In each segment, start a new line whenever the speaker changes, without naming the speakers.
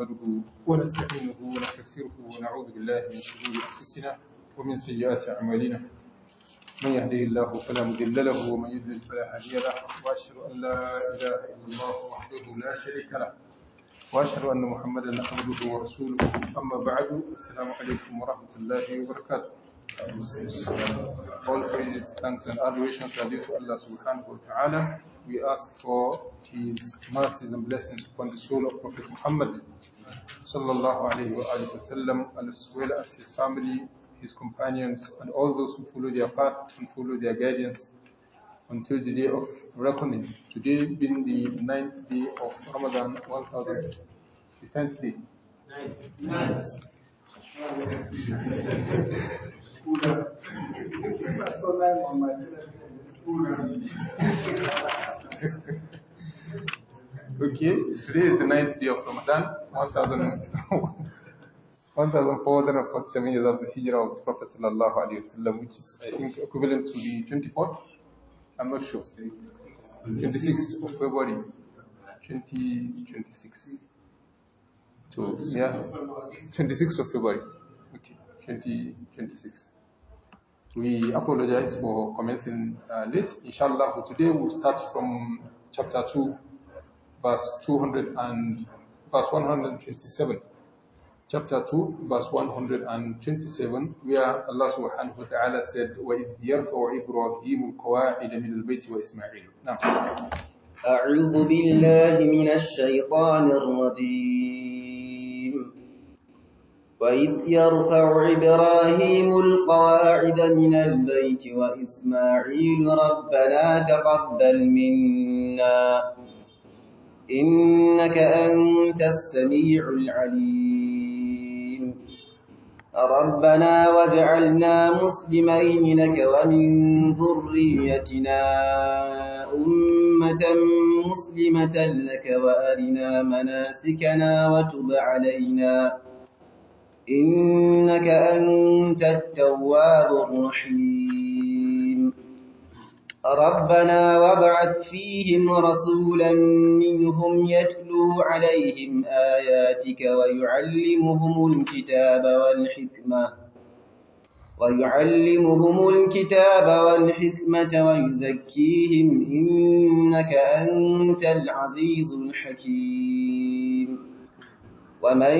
نحمده ونستعينه ونستغفره ونعوذ بالله من شرور أنفسنا ومن سيئات أعمالنا من يهديه الله فلا مضل له ومن يضلل فلا هادي له وأشهد أن لا إله إلا الله وحده لا شريك له وأشهد أن محمدا عبده ورسوله أما بعد السلام عليكم ورحمة الله وبركاته All praises, thanks and adorations are due to Allah subhanahu wa ta'ala. We ask for His mercies and blessings upon the soul of Prophet Muhammad sallallahu alayhi wa alayhi wasallam, as well as his family, his companions, and all those who follow their path and follow their guidance until the day of reckoning. Today being the ninth day of Ramadan, 1000, the tenth day. Ninth. Ninth. okay,
today is the ninth day of Ramadan, 1447
years of the Hijrah of the Prophet Sallallahu Alaihi Wasallam, which is, I think, equivalent to the 24th. I'm not sure. 26th of February, 2026. 20, so, yeah, 26th of February. Okay, 2026. We apologize for commencing uh, late. Inshallah, today we'll start from chapter 2, verse 200 and verse 127. Chapter 2, verse 127, where Allah subhanahu wa ta'ala said, وَإِذْ يَرْفَعُ إِبْرَاهِيمُ الْقَوَاعِدَ مِنَ الْبَيْتِ وَإِسْمَاعِيلُ نعم.
أعوذ بالله من الشيطان الرجيم وَإِذْ يَرْفَعُ إِبْرَاهِيمُ الْقَوَاعِدَ مِنَ الْبَيْتِ وَإِسْمَاعِيلُ رَبَّنَا تَقَبَّلْ مِنَّا إِنَّكَ أَنْتَ السَّمِيعُ الْعَلِيمُ رَبَّنَا وَاجْعَلْنَا مُسْلِمَيْنِ لَكَ وَمِنْ ذُرِّيَّتِنَا أُمَّةً مُسْلِمَةً لَكَ وَأَرِنَا مَنَاسِكَنَا وَتُبْ عَلَيْنَا إنك أنت التواب الرحيم ربنا وابعث فيهم رسولا منهم يتلو عليهم آياتك ويعلمهم الكتاب والحكمة ويعلمهم الكتاب والحكمة ويزكيهم إنك أنت العزيز الحكيم ومن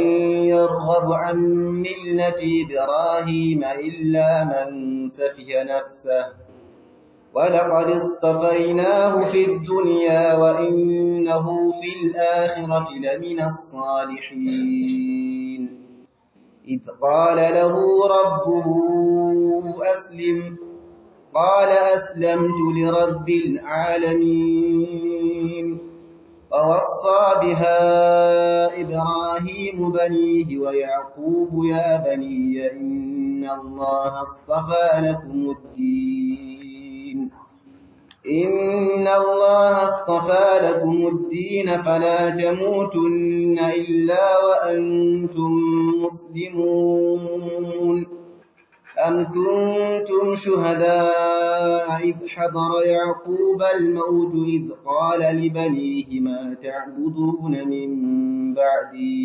يرغب عن ملة إبراهيم إلا من سفه نفسه ولقد اصطفيناه في الدنيا وإنه في الآخرة لمن الصالحين إذ قال له ربه أسلم قال أسلمت لرب العالمين وَوَصَّىٰ بِهَا إِبْرَاهِيمُ بَنِيهِ وَيَعْقُوبُ يَا بَنِيَّ إِنَّ اللَّهَ اصْطَفَىٰ لَكُمُ الدِّينَ إِنَّ اللَّهَ اصْطَفَىٰ لَكُمُ الدِّينَ فَلَا تَمُوتُنَّ إِلَّا وَأَنتُم مُّسْلِمُونَ أَمْ كُنتُمْ شُهَدَاءَ إِذْ حَضَرَ يَعْقُوبَ الْمَوْتُ إِذْ قَالَ لِبَنِيهِ مَا تَعْبُدُونَ مِن بَعْدِي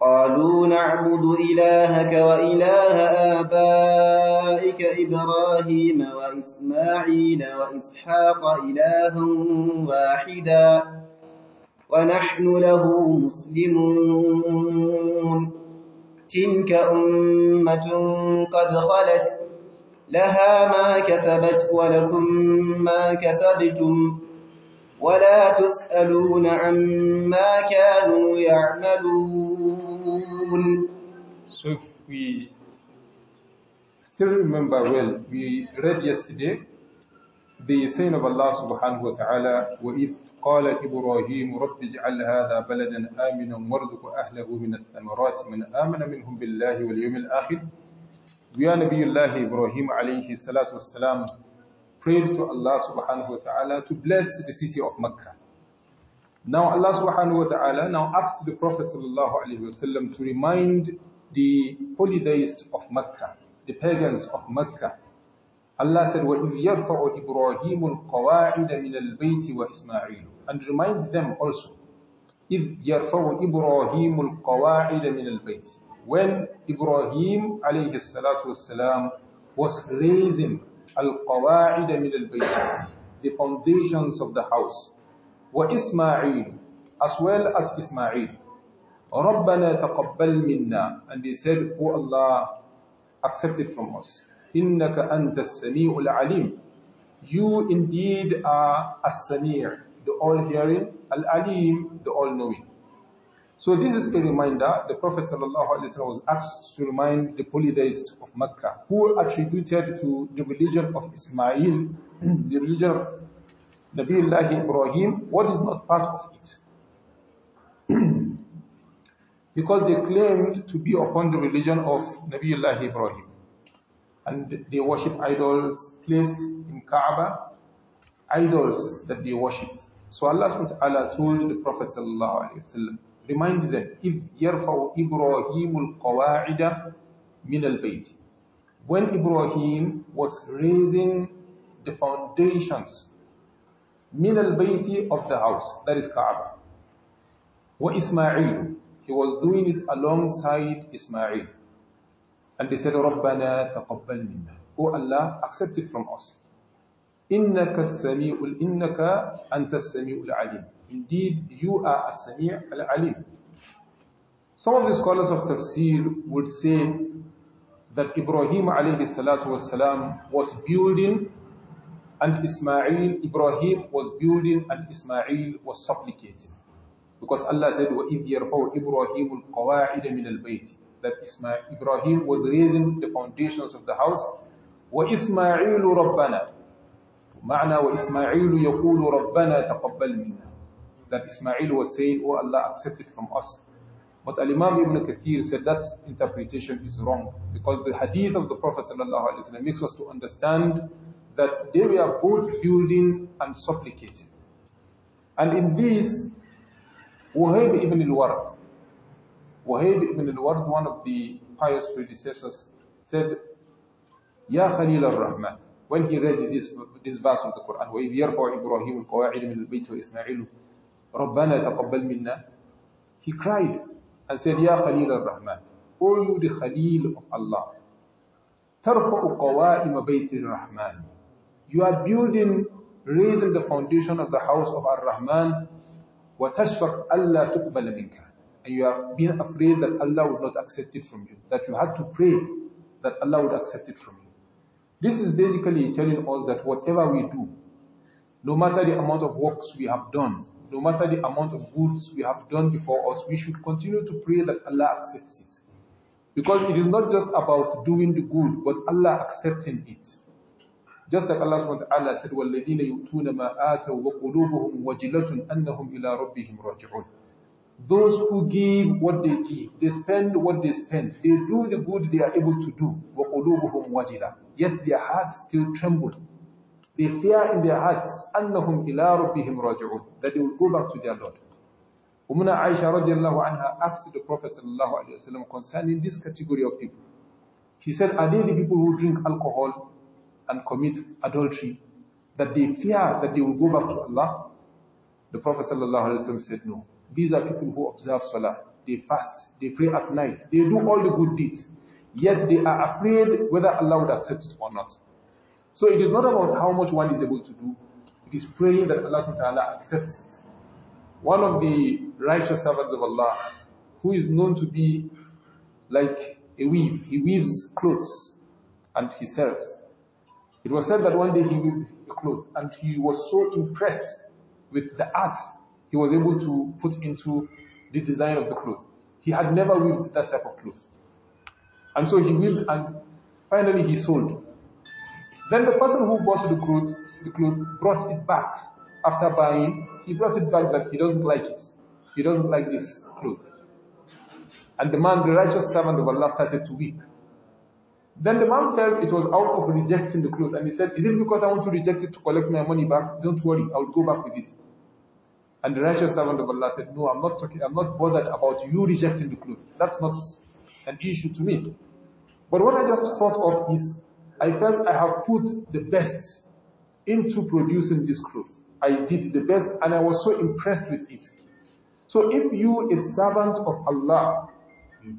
قَالُوا نَعْبُدُ إِلَٰهَكَ وَإِلَٰهَ آبَائِكَ إِبْرَاهِيمَ وَإِسْمَاعِيلَ وَإِسْحَاقَ إِلَٰهًا وَاحِدًا وَنَحْنُ لَهُ مُسْلِمُونَ تلك أمة قد خلت لها ما كسبت ولكم ما كسبتم ولا تسألون عما كانوا يعملون So if we
still remember well, we read yesterday the saying of Allah subhanahu wa ta'ala, وَإِذْ قال إبراهيم رب اجعل هذا بلدا آمنا وارزق أهله من الثمرات من آمن منهم بالله واليوم الآخر ويا نبي الله إبراهيم عليه الصلاة والسلام prayed to Allah subhanahu wa ta'ala to bless the city of Mecca. Now Allah subhanahu wa ta'ala now asked the Prophet sallallahu alayhi wa sallam to remind the polytheists of Mecca, the pagans of Mecca. Allah said, وَإِذْ يَرْفَعُ إِبْرَاهِيمُ الْقَوَاعِدَ مِنَ الْبَيْتِ وَإِسْمَاعِيلُ and remind them also إذ يرفع إبراهيم القواعد من البيت when Ibrahim alayhi salatu was raising al-qawa'id min al-bayt the foundations of the house wa Ismail as well as Ismail رَبَّنَا تَقَبَّلْ مِنَّا and they said O oh Allah accept it from us إِنَّكَ أَنْتَ السَّمِيعُ الْعَلِيمُ you indeed are as-sami' the all-hearing, Al-Alim, the all-knowing. So this is a reminder. The Prophet ﷺ was asked to remind the polytheists of Mecca, who attributed to the religion of Ismail, the religion of Nabiullah Ibrahim, what is not part of it. because they claimed to be upon the religion of Nabiullah Ibrahim. And they worship idols placed in Kaaba, idols that they worshipped. So Allah subhanahu wa ta'ala told the Prophet sallallahu alayhi wasallam, remind them, إِذْ يَرْفَعُ إِبْرَاهِيمُ الْقَوَاعِدَ مِنَ الْبَيْتِ When Ibrahim was raising the foundations, مِنَ الْبَيْتِ of the house, that is Kaaba. وَإِسْمَاعِيلُ He was doing it alongside Ismail. And they said, رَبَّنَا تَقَبَّلْ مِنَّا O Allah, accept it from us. إنك السميع إنك أنت السميع العليم. Indeed, you are a sami al Some of the scholars of tafsir would say that Ibrahim alayhi salatu salam was building and Ismail, Ibrahim was building and Ismail was supplicating. Because Allah said, وَإِذْ يَرْفَوْ إِبْرَاهِيمُ الْقَوَاعِدَ مِنَ الْبَيْتِ That Ismail, Ibrahim was raising the foundations of the house. وَإِسْمَاعِيلُ رَبَّنَا معنى وإسماعيل يقول ربنا تقبل منا that Ismail was saying oh Allah accept it from us but Imam Ibn Kathir said that interpretation is wrong because the hadith of the Prophet وسلم makes us to understand that they were both building and supplicating and in this Wahib ibn al-Ward Wahib ibn al-Ward one of the pious predecessors said Ya Khalil الرحمن rahman when he read this, this verse of the Quran, al-Qawā'id min al مِنَ الْبَيْتِ ismail رَبَّنَا تَقَبَّلْ minna," He cried and said, Khalil al-Rahman, O you the Khalil of Allah, تَرْفَعُ قَوَائِمَ بَيْتِ al-Rahman." You are building, raising the foundation of the house of Ar-Rahman, وَتَشْفَقْ أَلَّا تُقْبَلَ مِنْكَ And you are being afraid that Allah would not accept it from you, that you had to pray that Allah would accept it from you. This is basically telling us that whatever we do, no matter the amount of works we have done, no matter the amount of goods we have done before us, we should continue to pray that Allah accepts it. Because it is not just about doing the good, but Allah accepting it. Just like Allah subhanahu said, وَالَّذِينَ يُؤْتُونَ مَا آتَوا وَقُلُوبُهُمْ وَجِلَةٌ أَنَّهُمْ إِلَىٰ رَبِّهِمْ رَاجِعُونَ Those who give what they give, they spend what they spend, they do the good they are able to do, وَقُلُوبُهُمْ وَجِلَةٌ yet their hearts still tremble. They fear in their hearts, أَنَّهُمْ إِلَىٰ رَبِّهِمْ رَاجِعُونَ That they will go back to their Lord. Umuna Aisha radiallahu anha asked the Prophet sallallahu alayhi wa concerning this category of people. She said, are they the people who drink alcohol and commit adultery, that they fear that they will go back to Allah? The Prophet sallallahu alayhi wa said, no. These are people who observe salah. They fast, they pray at night, they do all the good deeds. Yet they are afraid whether Allah would accept it or not. So it is not about how much one is able to do. It is praying that Allah subhanahu wa ta'ala accepts it. One of the righteous servants of Allah, who is known to be like a weave, he weaves clothes and he sells. It was said that one day he weaved a cloth and he was so impressed with the art he was able to put into the design of the cloth. He had never weaved that type of cloth. And so he willed and finally he sold. Then the person who bought the clothes, the clothes brought it back. After buying, he brought it back that he doesn't like it. He doesn't like this cloth. And the man, the righteous servant of Allah started to weep. Then the man felt it was out of rejecting the cloth and he said, is it because I want to reject it to collect my money back? Don't worry, I'll go back with it. And the righteous servant of Allah said, no, I'm not talking, I'm not bothered about you rejecting the cloth. That's not an issue to me. But what I just thought of is, I felt I have put the best into producing this cloth. I did the best and I was so impressed with it. So if you, a servant of Allah,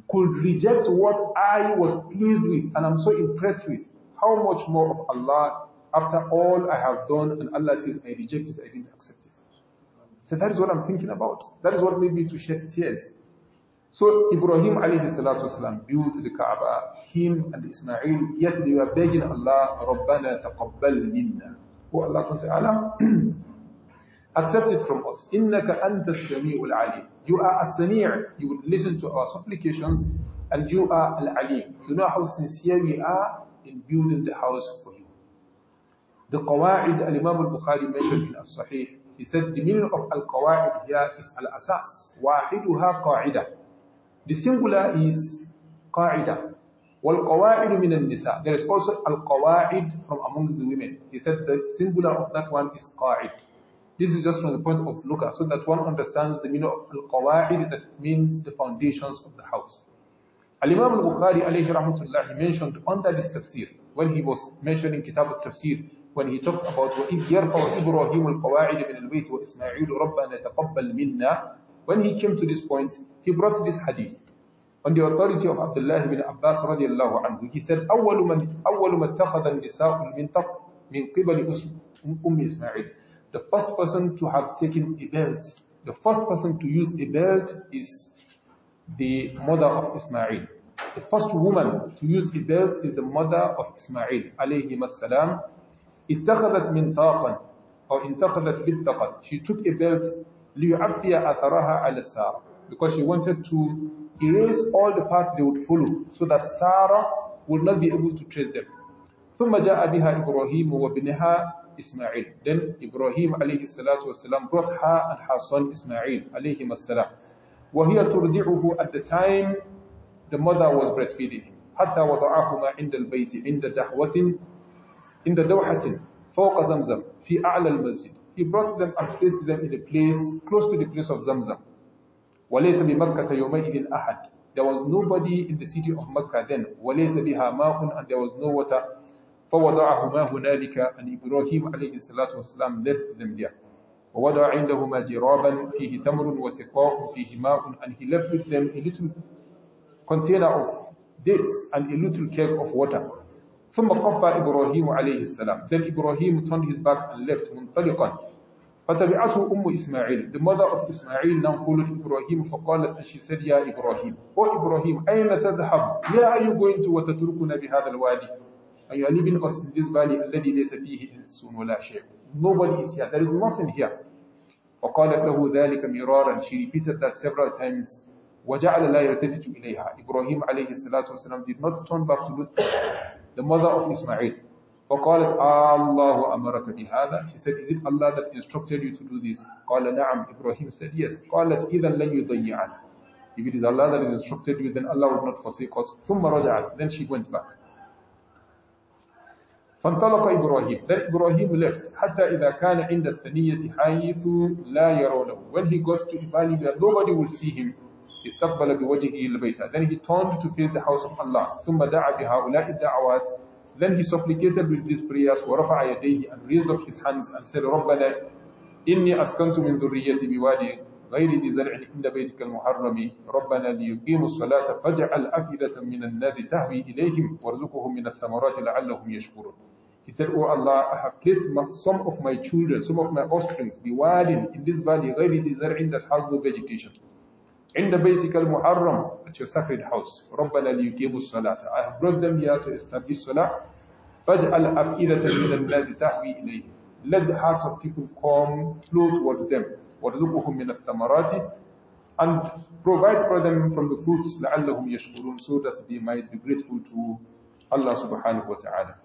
could reject what I was pleased with and I'm so impressed with, how much more of Allah after all I have done and Allah says I rejected, I didn't accept it. So that is what I'm thinking about. That is what made me to shed tears. So Ibrahim alayhi salatu wasalam built the Kaaba, him and Ismail, yet they were begging Allah, Rabbana taqabbal minna. Oh Allah subhanahu wa accept it from us. Innaka anta shami'ul alim. You are a sami' You would listen to our supplications and you are al-alim. You know how sincere we are in building the house for you. The qawa'id al-Imam al-Bukhari mentioned in as-Sahih. He said the meaning of al-qawa'id here is al-asas. Wahiduha qa'idah. The singular is qa'ida. وَالْقَوَاعِدُ مِنَ nisa. There is also al-qawa'id from amongst the women. He said the singular of that one is qa'id. This is just from the point of looker, so that one understands the meaning of al-qawa'id that means the foundations of the house. Al-Imam al-Bukhari alayhi rahmatullah, mentioned under this tafsir, when he was mentioning Kitab al-Tafsir, when he talked about وَإِذْ يَرْفَوْ إِبْرَاهِيمُ الْقَوَاعِدَ مِنَ الْبَيْتِ وَإِسْمَاعِيلُ رَبَّنَا تَقَبَّلْ مِنَّا when he came to this point, he brought this hadith on the authority of Abdullah ibn Abbas radiallahu anhu. He said, أول من أول النساء المنطق من قبل أم إسماعيل. The first person to have taken a belt, the first person to use a belt is the mother of Ismail. The first woman to use a belt is the mother of Ismail alayhi salam. اتخذت taqan or انتخذت بالتقط. She took a belt لِيُعَفِّيَ أَثَرَهَا عَلَى سَارَةٍ Because she wanted to erase all the paths they would follow so that Sarah would not be able to trace them. ثُمَّ جَاءَ بِهَا إِبْرَاهِيمُ وَابْنِهَا إِسْمَاعِيلُ Then Ibrahim عليه salatu wasalam brought her and her son Ismail alayhi salam. وَهِيَ تُرْضِعُهُ At the time the mother was breastfeeding him. حتى وضعهما عند البيت عند دحوة عند دوحة فوق زمزم في أعلى المسجد he brought them and placed them in a place close to the place of Zamzam. وَلَيْسَ بِمَكَّةَ يَوْمَئِذٍ أَحَدٍ There was nobody in the city of Mecca then. وَلَيْسَ بِهَا And there was no water. فَوَضَعَهُمَا هُنَالِكَ And Ibrahim alayhi salatu wasalam left them there. وَوَضَعَ عِنْدَهُمَا جِرَابًا فِيهِ تَمْرٌ وَسِقَاءٌ فِيهِ مَاءٌ And he left with them a little container of dates and a little keg of water. ثم قفى إبراهيم عليه السلام then Ibrahim turned his back and left منطلقا فتبعته أم إسماعيل the mother of Ismail now followed Ibrahim فقالت and she said يا إبراهيم O Ibrahim أين تذهب where are you going to وتتركنا بهذا الوادي and you are leaving us in this valley الذي ليس فيه إنس ولا شيء nobody is here there is nothing here فقالت له ذلك مرارا she repeated that several times وجعل لا يلتفت إليها Ibrahim عليه الصلاة والسلام did not turn back to look the mother of Ismail. فقالت الله أمرك بهذا She said, is it Allah that instructed you to do this? قال نعم Ibrahim said, yes. قالت إذا لن يضيعن If it is Allah that is instructed you, then Allah would not forsake us. ثم رجعت Then she went back. فانطلق إبراهيم Then Ibrahim left حتى إذا كان عند الثنية حيث لا يرونه When he got to a nobody will see him استقبل بوجهه البيت. Then he turned to face the house of Allah. ثم دعا بهؤلاء الدعوات. Then he supplicated with these prayers ورفع يديه and raised up his hands and said ربنا إني أسكنت من ذريتي بوادي غير ذي زرع عند بيتك المحرم ربنا ليقيموا الصلاة فاجعل أفئدة من الناس تهوي إليهم وارزقهم من الثمرات لعلهم يشكرون. He said, O oh Allah, I have placed some of my children, some of my offspring, be wadin in this valley, غير ذي زرع that has no vegetation. عند بيتك المحرم at your sacred house ربنا ليقيموا الصلاة I have brought them here to establish salah فاجعل أفئدة من الناس تحوي إليه let the hearts of people come flow towards them وارزقهم من الثمرات and provide for them from the fruits لعلهم يشكرون so that they might be grateful to Allah subhanahu wa ta'ala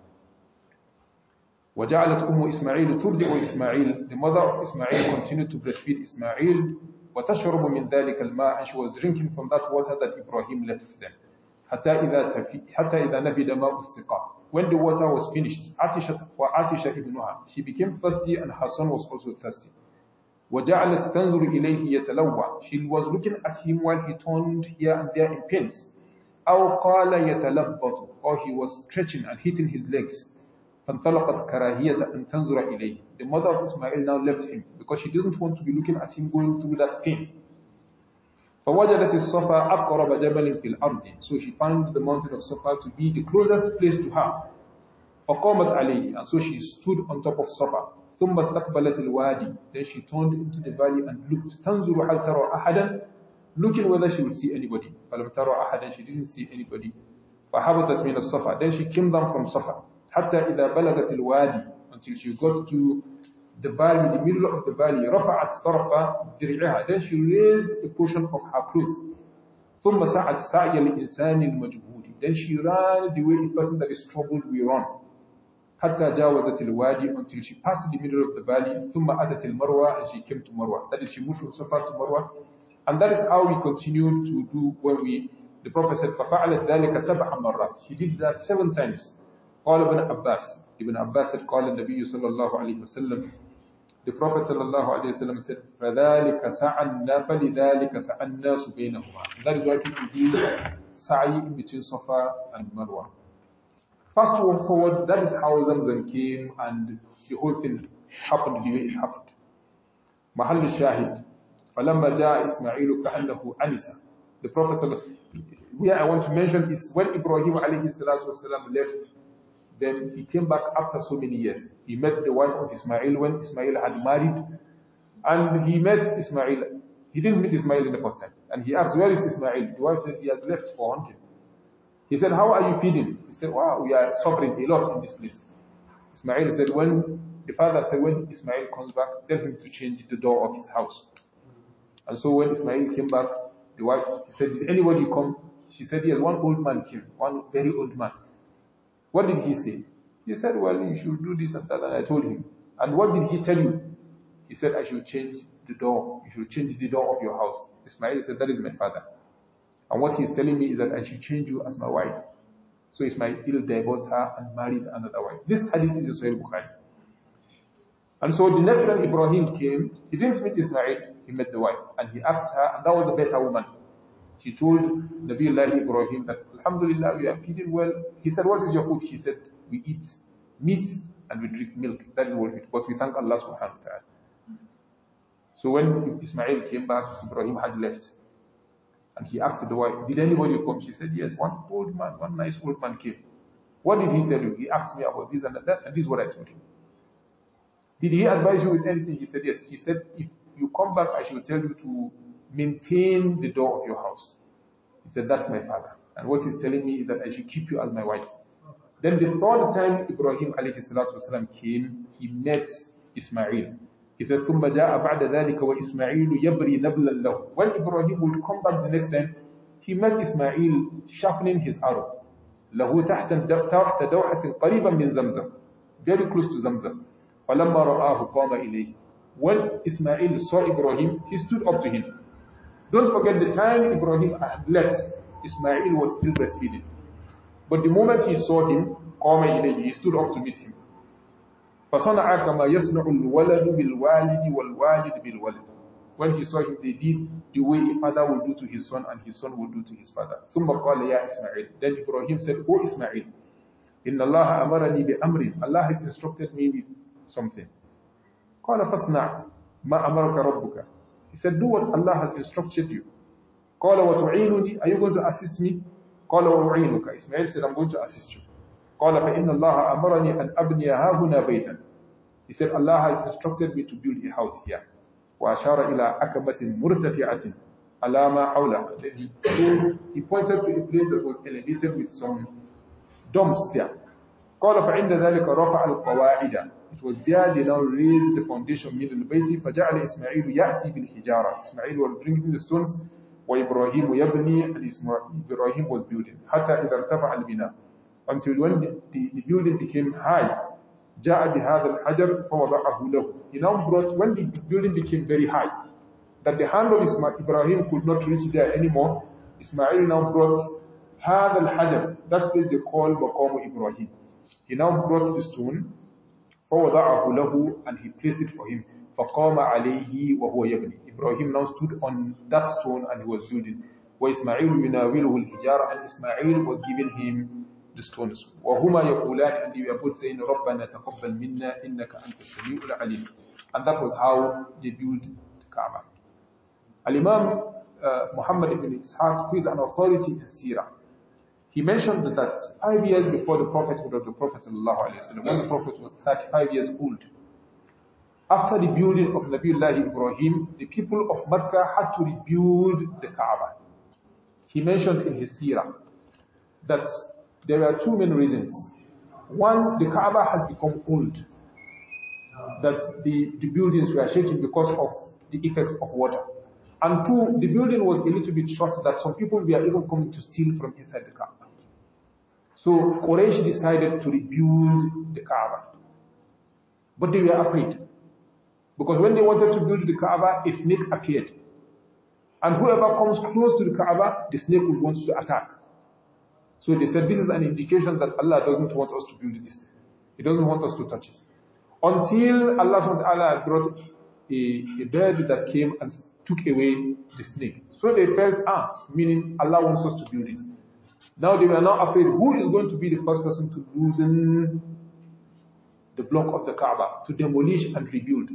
وجعلت أم إسماعيل ترضع إسماعيل the mother of إسماعيل continued to breastfeed إسماعيل وَتَشْرُبُ مِنْ ذَلِكَ الْمَاءَ And she was drinking from that water that Ibrahim left for them. حَتَّى إِذَا, تفي... حتى إذا نَفِدَ مَاءُ السِّقَاءِ When the water was finished, عَتِشَتْ وَعَتِشَ إِبْنُهَا She became thirsty and her son was also thirsty. وَجَعَلَتْ تَنْظُرُ إِلَيْهِ يَتَلَوَّى She was looking at him while he turned here and there in pains. أَوْ قَالَ يَتَلَبَّطُ Or he was stretching and hitting his legs. فانطلقت كراهية أن تنظر إليه. The mother of Ismail now left him because she didn't want to be looking at him going through that pain. فوجدت الصفا أقرب جبل في الأرض. So she found the mountain of Safa to be the closest place to her. فقامت عليه. And so she stood on top of Safa. ثم استقبلت الوادي. Then she turned into the valley and looked. تنظر هل ترى أحدا? Looking whether she would see anybody. فلم ترى أحدا. She didn't see anybody. فحبطت من الصفا. Then she came down from Safa. حتى إذا بلغت الوادي until she got to the valley, the middle of the valley, رفعت طرف then she raised a portion of her clothes ثم سعت سعي الإنسان then she ran the way a person that is troubled will run حتى جاوزت الوادي until she passed the middle of the valley ثم أتت المروة and she came to Marwa that is she moved from Safa to Marwa and that is how we continued to do when we the Prophet said فَفَعَلَتْ ذَلِكَ سَبْعَ مَرَّاتٍ she did that seven times قال ابن Abbas, ابن Abbas had called the Nabi sallallahu alayhi wasallam. The Prophet صلى الله عليه وسلم said, فَذَلِكَ سَعَنَّا فَلِذَلِكَ سَعَنَّا سُبَيْنَهُمَا That is why people do سعي in between Safa and Marwa. Fast forward, that is how Zamzam came and the whole thing happened the way it happened. Mahal shahid. فَلَمَّا جَاءَ إسماعيل كَأَنَّهُ أَنِسَ The Prophet where I want to mention is when Ibrahim عليه salatu wasalam left then he came back after so many years. He met the wife of Ismail when Ismail had married. And he met Ismail. He didn't meet Ismail in the first time. And he asked, where is Ismail? The wife said, he has left for hunting. He said, how are you feeding? He said, wow, we are suffering a lot in this place. Ismail said, when, the father said, when Ismail comes back, tell him to change the door of his house. And so when Ismail came back, the wife said, did anybody come? She said, yes, one old man came, one very old man. What did he say? He said, well, you should do this and that. And I told him. And what did he tell you? He said, I should change the door. You should change the door of your house. Ismail said, that is my father. And what he's telling me is that I should change you as my wife. So Ismail divorced her and married another wife. This hadith is the Sahih Bukhari. And so the next time Ibrahim came, he didn't meet Ismail, he met the wife. And he asked her, and that was the better woman. She told Nabiullah Ibrahim that, Alhamdulillah, we are feeding well. He said, what is your food? She said, we eat meat and we drink milk. That is what we But we thank Allah subhanahu wa ta'ala. So when Ismail came back, Ibrahim had left. And he asked the wife, did anybody come? She said, yes, one old man, one nice old man came. What did he tell you? He asked me about this and that, and this is what I told him. Did he advise you with anything? He said, yes. He said, if you come back, I shall tell you to maintain the door of your house. He said, that's my father. And what he's telling me is that I should keep you as my wife. Then the third time Ibrahim والسلام, came, he met Ismail. He said, ثُمَّ جَاءَ بَعْدَ ذَلِكَ وَإِسْمَعِيلُ يَبْرِي نَبْلًا لَهُ When Ibrahim would come back the next time, he met Ismail sharpening his arrow. لَهُ تَحْتَ دَوْحَةٍ قَرِيبًا مِنْ زَمْزَمْ Very close to Zamzam. فَلَمَّا رَآهُ قَامَ إِلَيْهِ When Ismail saw Ibrahim, he stood up to him. Don't forget the time Ibrahim had left, Ismail was still breastfeeding. But the moment he saw him, he stood up to meet him. فَصَنَعَ كَمَا الْوَلَدُ بِالْوَالِدِ وَالْوَالِدِ When he saw him, they did the way a father would do to his son and his son would do to his father. ثُمَّ قَالَ يَا إِسْمَعِيلِ Then Ibrahim said, O oh Ismail, إِنَّ اللَّهَ أَمَرَنِي بِأَمْرٍ Allah has instructed me with something. قَالَ فَصْنَعْ مَا أَمَرَكَ رَبُّكَ he said, do what Allah has instructed you. قَالَ وَتُعِينُنِي Are you going to assist me? قَالَ وَأُعِينُكَ Ismail said, I'm going to assist you. قَالَ فَإِنَّ اللَّهَ أَمَرَنِي أَنْ أَبْنِيَ هَاهُنَا بَيْتًا He said, Allah has instructed me to build a house here. وَأَشَارَ ila أَكَبَةٍ مُرْتَفِعَةٍ Alama Aula. Then he, he pointed to a place that was elevated with some domes there. قال فعند ذلك رفع القواعد it was there they now laid the foundation min al-bayti فَجَعَلَ إِسْمَعِيلُ يَأْتِي بِالْحِجَارَ Ismail was bringing the stones وَإِبْرَاهِيمُ al and Ibrahim was building حَتَّى إِذَا ارْتَفَعَ Until when the, the, building became high جَاءَ بِهَذَا الْحَجَرِ فَوَضَعَهُ لَهُ He now brought, when the building became very high, that the hand of Ismail, Ibrahim could not reach there anymore, Ismail now brought هذا الحجر, that place they call Maqamu Ibrahim. He now brought the stone, فَوَضَعَهُ لَهُ And he placed it for him. فَقَامَ عَلَيْهِ وَهُوَ يَبْنِي Ibrahim now stood on that stone and he was building. وَإِسْمَعِيلُ يُنَاوِلُهُ الْحِجَارَ And Ismail was giving him the stones. وَهُمَا يَقُولَانِ And they were both saying, رَبَّنَا تَقَبَّلْ مِنَّا إِنَّكَ أَنْتَ السَّمِيعُ الْعَلِيمُ And that was how they built the Kaaba. Al-Imam uh, Muhammad ibn Ishaq, who is an authority in Sirah, he mentioned that five years before the prophethood of the Prophet when the Prophet was 35 years old, after the building of Nabiullah Ibrahim, the people of Mecca had to rebuild the Kaaba. He mentioned in his seerah that there are two main reasons. One, the Kaaba had become old, that the, the buildings were shaking because of the effect of water. And two, the building was a little bit short that some people were even coming to steal from inside the Kaaba. So Quraysh decided to rebuild the Kaaba. But they were afraid. Because when they wanted to build the Kaaba, a snake appeared. And whoever comes close to the Kaaba, the snake will want to attack. So they said, this is an indication that Allah doesn't want us to build this thing. He doesn't want us to touch it. Until Allah SWT brought a, a bird that came and took away the snake. So they felt, ah, meaning Allah wants us to build it. Now they were now afraid who is going to be the first person to loosen the block of the Kaaba, to demolish and rebuild.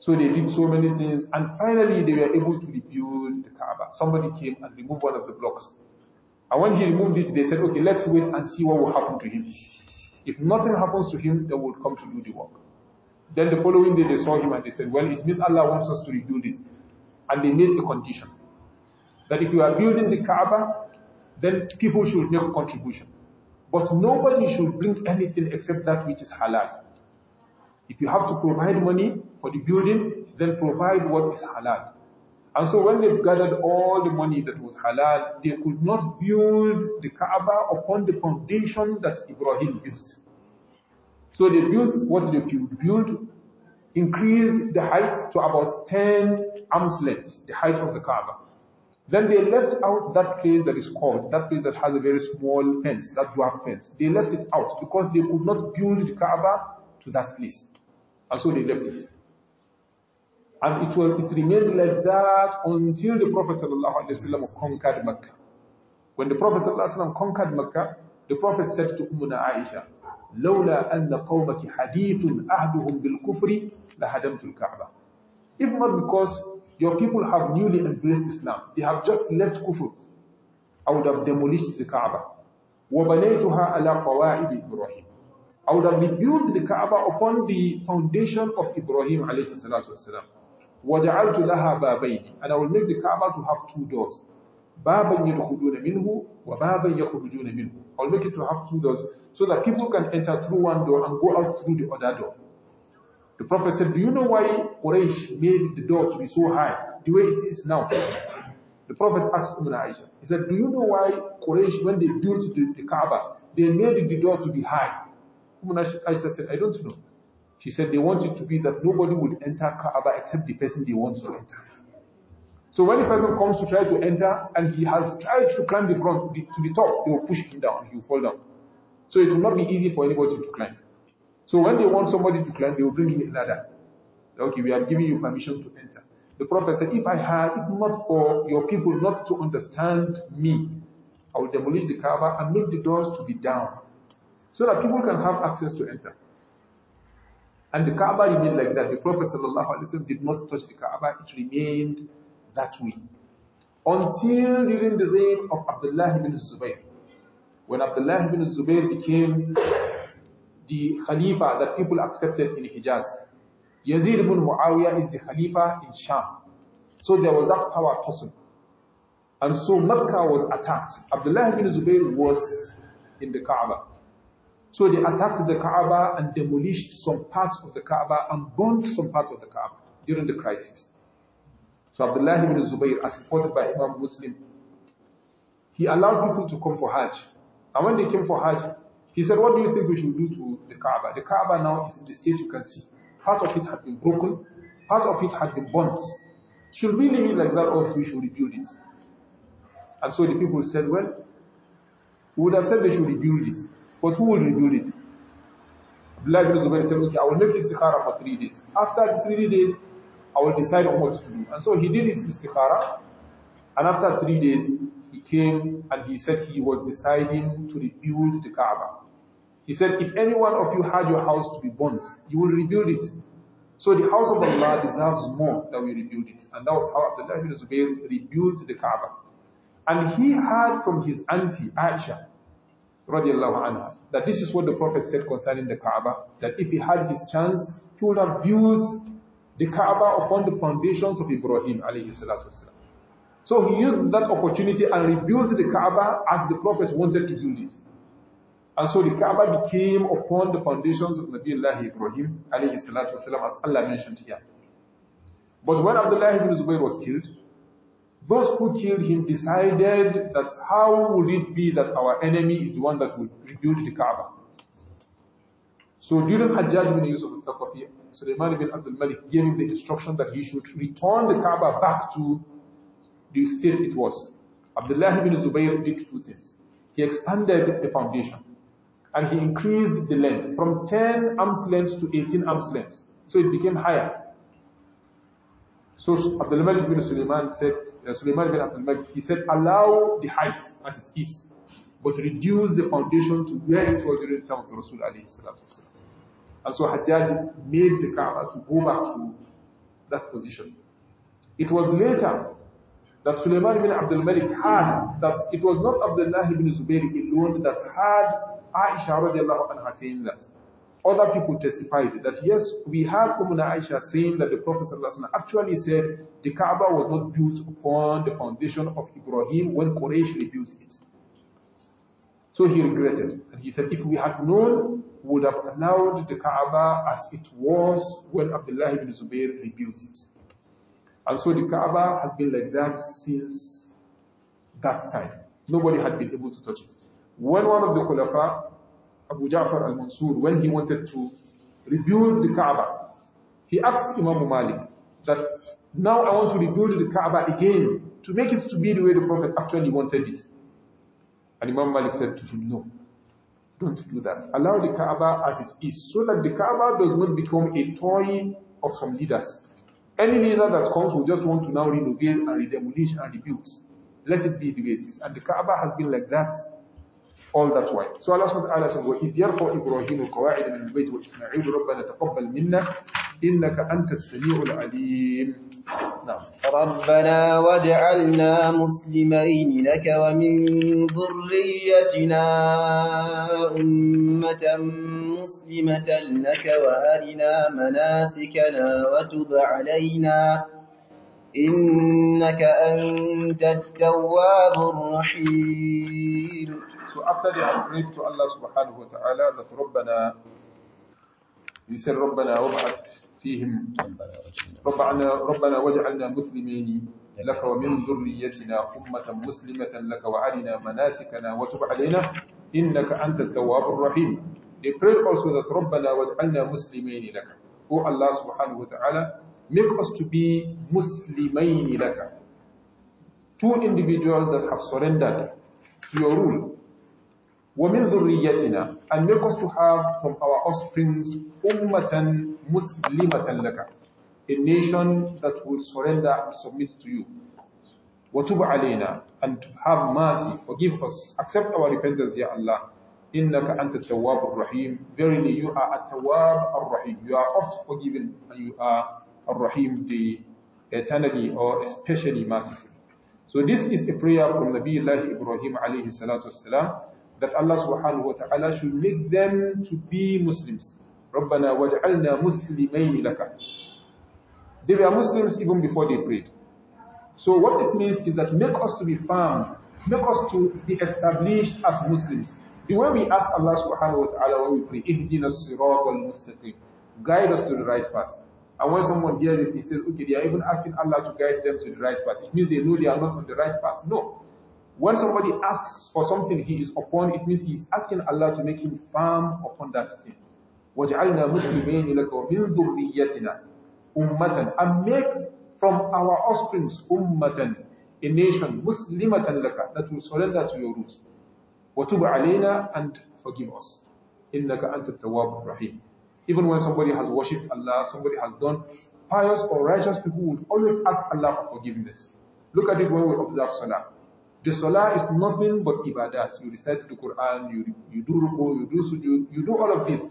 So they did so many things, and finally they were able to rebuild the Kaaba. Somebody came and removed one of the blocks.
And when he removed it, they said, okay, let's
wait and see what will happen to him. If nothing happens to him, they will come to do the work. Then the following day they saw him and they said, well, it means Allah wants us to rebuild it. And they made a condition. That if you are building the Kaaba, then people should make contribution. But nobody should bring anything except that which is halal. If you have to provide money for the building, then provide what is halal. And so when they gathered all the money that was halal, they could not build the Kaaba upon the foundation that Ibrahim built. So they built what they could build, increased the height to about 10 arms length, the height of the Kaaba. Then they left out that place that is called, that place that has a very small fence, that dwarf fence. They left it out because they could not build the Kaaba to that place. And so they left it. And it, will, it remained like that until the Prophet ﷺ conquered Mecca. When the Prophet ﷺ conquered Mecca, the Prophet said to Ummuna Aisha, لولا أن قومك حديث أهدهم بالكفر لهدمت الكعبة. If not because your people have newly embraced Islam. They have just left Kufr. I would have demolished the Kaaba. وَبَنَيْتُهَا عَلَى قَوَاعِدِ Ibrahim. I would have rebuilt the Kaaba upon the foundation of Ibrahim alayhi salatu wasalam. وَجَعَلْتُ لَهَا بَابَيْنِ And I will make the Kaaba to have two doors. بَابًا يَدْخُلُونَ مِنْهُ وَبَابًا يَخْرُجُونَ مِنْهُ I'll make it to have two doors so that people can enter through one door and go out through the other door. The Prophet said, do you know why Quraysh made the door to be so high, the way it is now? The Prophet asked Umm Aisha, he said, do you know why Quraysh, when they built the, the Kaaba, they made the door to be high? Umm Aisha said, I don't know. She said they want it to be that nobody would enter Kaaba except the person they want to enter. So when a person comes to try to enter and he has tried to climb the front the, to the top, they will push him down, he will fall down. So it will not be easy for anybody to climb. So when they want somebody to climb, they will bring in a ladder. Okay, we are giving you permission to enter. The Prophet said, if I had, if not for your people not to understand me, I will demolish the Kaaba and make the doors to be down so that people can have access to enter. And the Kaaba remained like that. The Prophet ﷺ did not touch the Kaaba, it remained that way. Until during the reign of Abdullah ibn Zubayr. When Abdullah ibn Zubayr became the Khalifa that people accepted in Hijaz. Yazid ibn Muawiyah is the Khalifa in Sham. So there was that power tussle. And so Makkah was attacked. Abdullah ibn Zubayr was in the Kaaba. So they attacked the Kaaba and demolished some parts of the Kaaba and burned some parts of the Kaaba during the crisis. So Abdullah ibn Zubayr, as reported by Imam Muslim, he allowed people to come for Hajj. And when they came for Hajj, he said, what do you think we should do to the Kaaba? The Kaaba now is in the state you can see. Part of it had been broken, part of it had been burnt. Should we leave it like that or should we should rebuild it? And so the people said, well, we would have said they should rebuild it. But who will rebuild it? Abdullah ibn Zubayr said, okay, I will make istikhara for three days. After three days, I will decide on what to do. And so he did his istikhara. And after three days, he came and he said he was deciding to rebuild the Kaaba. He said, if any one of you had your house to be burnt, you will rebuild it. So the house of Allah deserves more that we rebuild it. And that was how Abdullah ibn Zubayr rebuilt the Kaaba. And he heard from his auntie, Aisha, radiallahu anha, that this is what the Prophet said concerning the Kaaba, that if he had his chance, he would have built the Kaaba upon the foundations of Ibrahim, alayhi salatu wasalam. So he used that opportunity and rebuilt the Kaaba as the Prophet wanted to build it. And so the Kaaba became upon the foundations of Nabiullah Ibrahim alayhi salatu wasalam, as Allah mentioned here. But when Abdullah ibn Zubayr was killed, those who killed him decided that how would it be that our enemy is the one that would rebuild the Kaaba. So during Hajjaj ibn Yusuf al-Thaqafi, Sulaiman ibn Abdul Malik gave him the instruction that he should return the Kaaba back to the state it was. Abdullah ibn Zubayr did two things. He expanded the foundation and he increased the length from 10 arms length to 18 arms length. So it became higher. So Abdul Malik bin Sulaiman said, uh, Sulaiman bin Abdul Malik, he said, allow the height as it is, but reduce the foundation to where it was during the time of the Rasul alayhi salatu And so Hajjaj made the Kaaba to go back to that position. It was later that Sulaiman bin Abdul Malik had that it was not Abdullah bin Zubair alone that had Aisha radiallahu anha saying that. Other people testified that yes, we had Ummuna Aisha saying that the Prophet actually said the Kaaba was not built upon the foundation of Ibrahim when Quraysh rebuilt it. So he regretted. And he said, if we had known, we would have allowed the Kaaba as it was when Abdullah ibn Zubayr rebuilt it. And so the Kaaba has been like that since that time. Nobody had been able to touch it. When one of the Khulafa, Abu Ja'far al-Mansur, when he wanted to rebuild the Kaaba, he asked Imam Malik that, now I want to rebuild the Kaaba again to make it to be the way the Prophet actually wanted it. And Imam Malik said to him, no, don't do that. Allow the Kaaba as it is, so that the Kaaba does not become a toy of some leaders. Any leader that comes will just want to now renovate and demolish and rebuild. Let it be the way it is. And the Kaaba has been like that all that while. So Allah subhanahu wa ta'ala said, وَإِذْ يَرْفَوْ إِبْرَاهِيمُ الْقَوَاعِدَ مِنْ الْبَيْتِ وَإِسْمَعِيلُ رَبَّنَا تَقَبَّلْ مِنَّا
إِنَّكَ أَنْتَ السَّمِيعُ الْعَلِيمُ نعم. ربنا وجعلنا مسلمين لك ومن ذريتنا أمة مسلمة لك وأرنا مناسكنا وتب علينا إنك أنت التواب الرحيم So after they to Allah
subhanahu wa ta'ala that ربنا He said ربنا وبعث فيهم ربنا ربنا واجعلنا مسلمين لك ومن ذريتنا أمة مسلمة لك وعلنا مناسكنا وتب علينا إنك أنت التواب الرحيم They prayed also that ربنا واجعلنا مسلمين لك O Allah subhanahu wa ta'ala make us to be مسلمين لك Two individuals that have surrendered to your rule وَمِنْ ذُرِّيَّتِنَا And make us to have from our offsprings ummatan muslimatan laka. A nation that will surrender and submit to you. وَتُبْ عَلَيْنَا And have mercy, forgive us, accept our repentance, Ya Allah. إِنَّكَ أَنْتَ التَّوَّابُ الرَّحِيمُ Verily you are التواب الرحيم. You are oft forgiven and you are الرحيم, the eternally or especially merciful. So this is a prayer from Nabi Ibrahim alayhi salatu salam that Allah subhanahu wa ta'ala should make them to be Muslims. رَبَّنَا وَجْعَلْنَا مُسْلِمَيْنِ لَكَ They were Muslims even before they prayed. So what it means is that make us to be firm, make us to be established as Muslims. The way we ask Allah subhanahu wa ta'ala when we pray, اِهْدِنَا الصِّرَاطَ الْمُسْتَقِيمِ Guide us to the right path. And when someone hears it, he says, okay, they are even asking Allah to guide them to the right path. It means they know they are not on the right path. No. When somebody asks for something he is upon, it means he is asking Allah to make him firm upon that thing. وَجْعَلْنَا مُسْلِمَيْنِ لَكَ وَمِنْ ذُرِّيَّتِنَا ummatan and make from our offsprings ummatan a nation Muslim ummatan, that will surrender to your roots wa tub alayna and forgive us innaka antat tawwabur rahim even when somebody has worshipped Allah somebody has done pious or righteous people would always ask Allah for forgiveness look at it when we observe salah the salah is nothing but ibadat. You recite the Quran, you, you do ruku, you do sujood, you do all of this.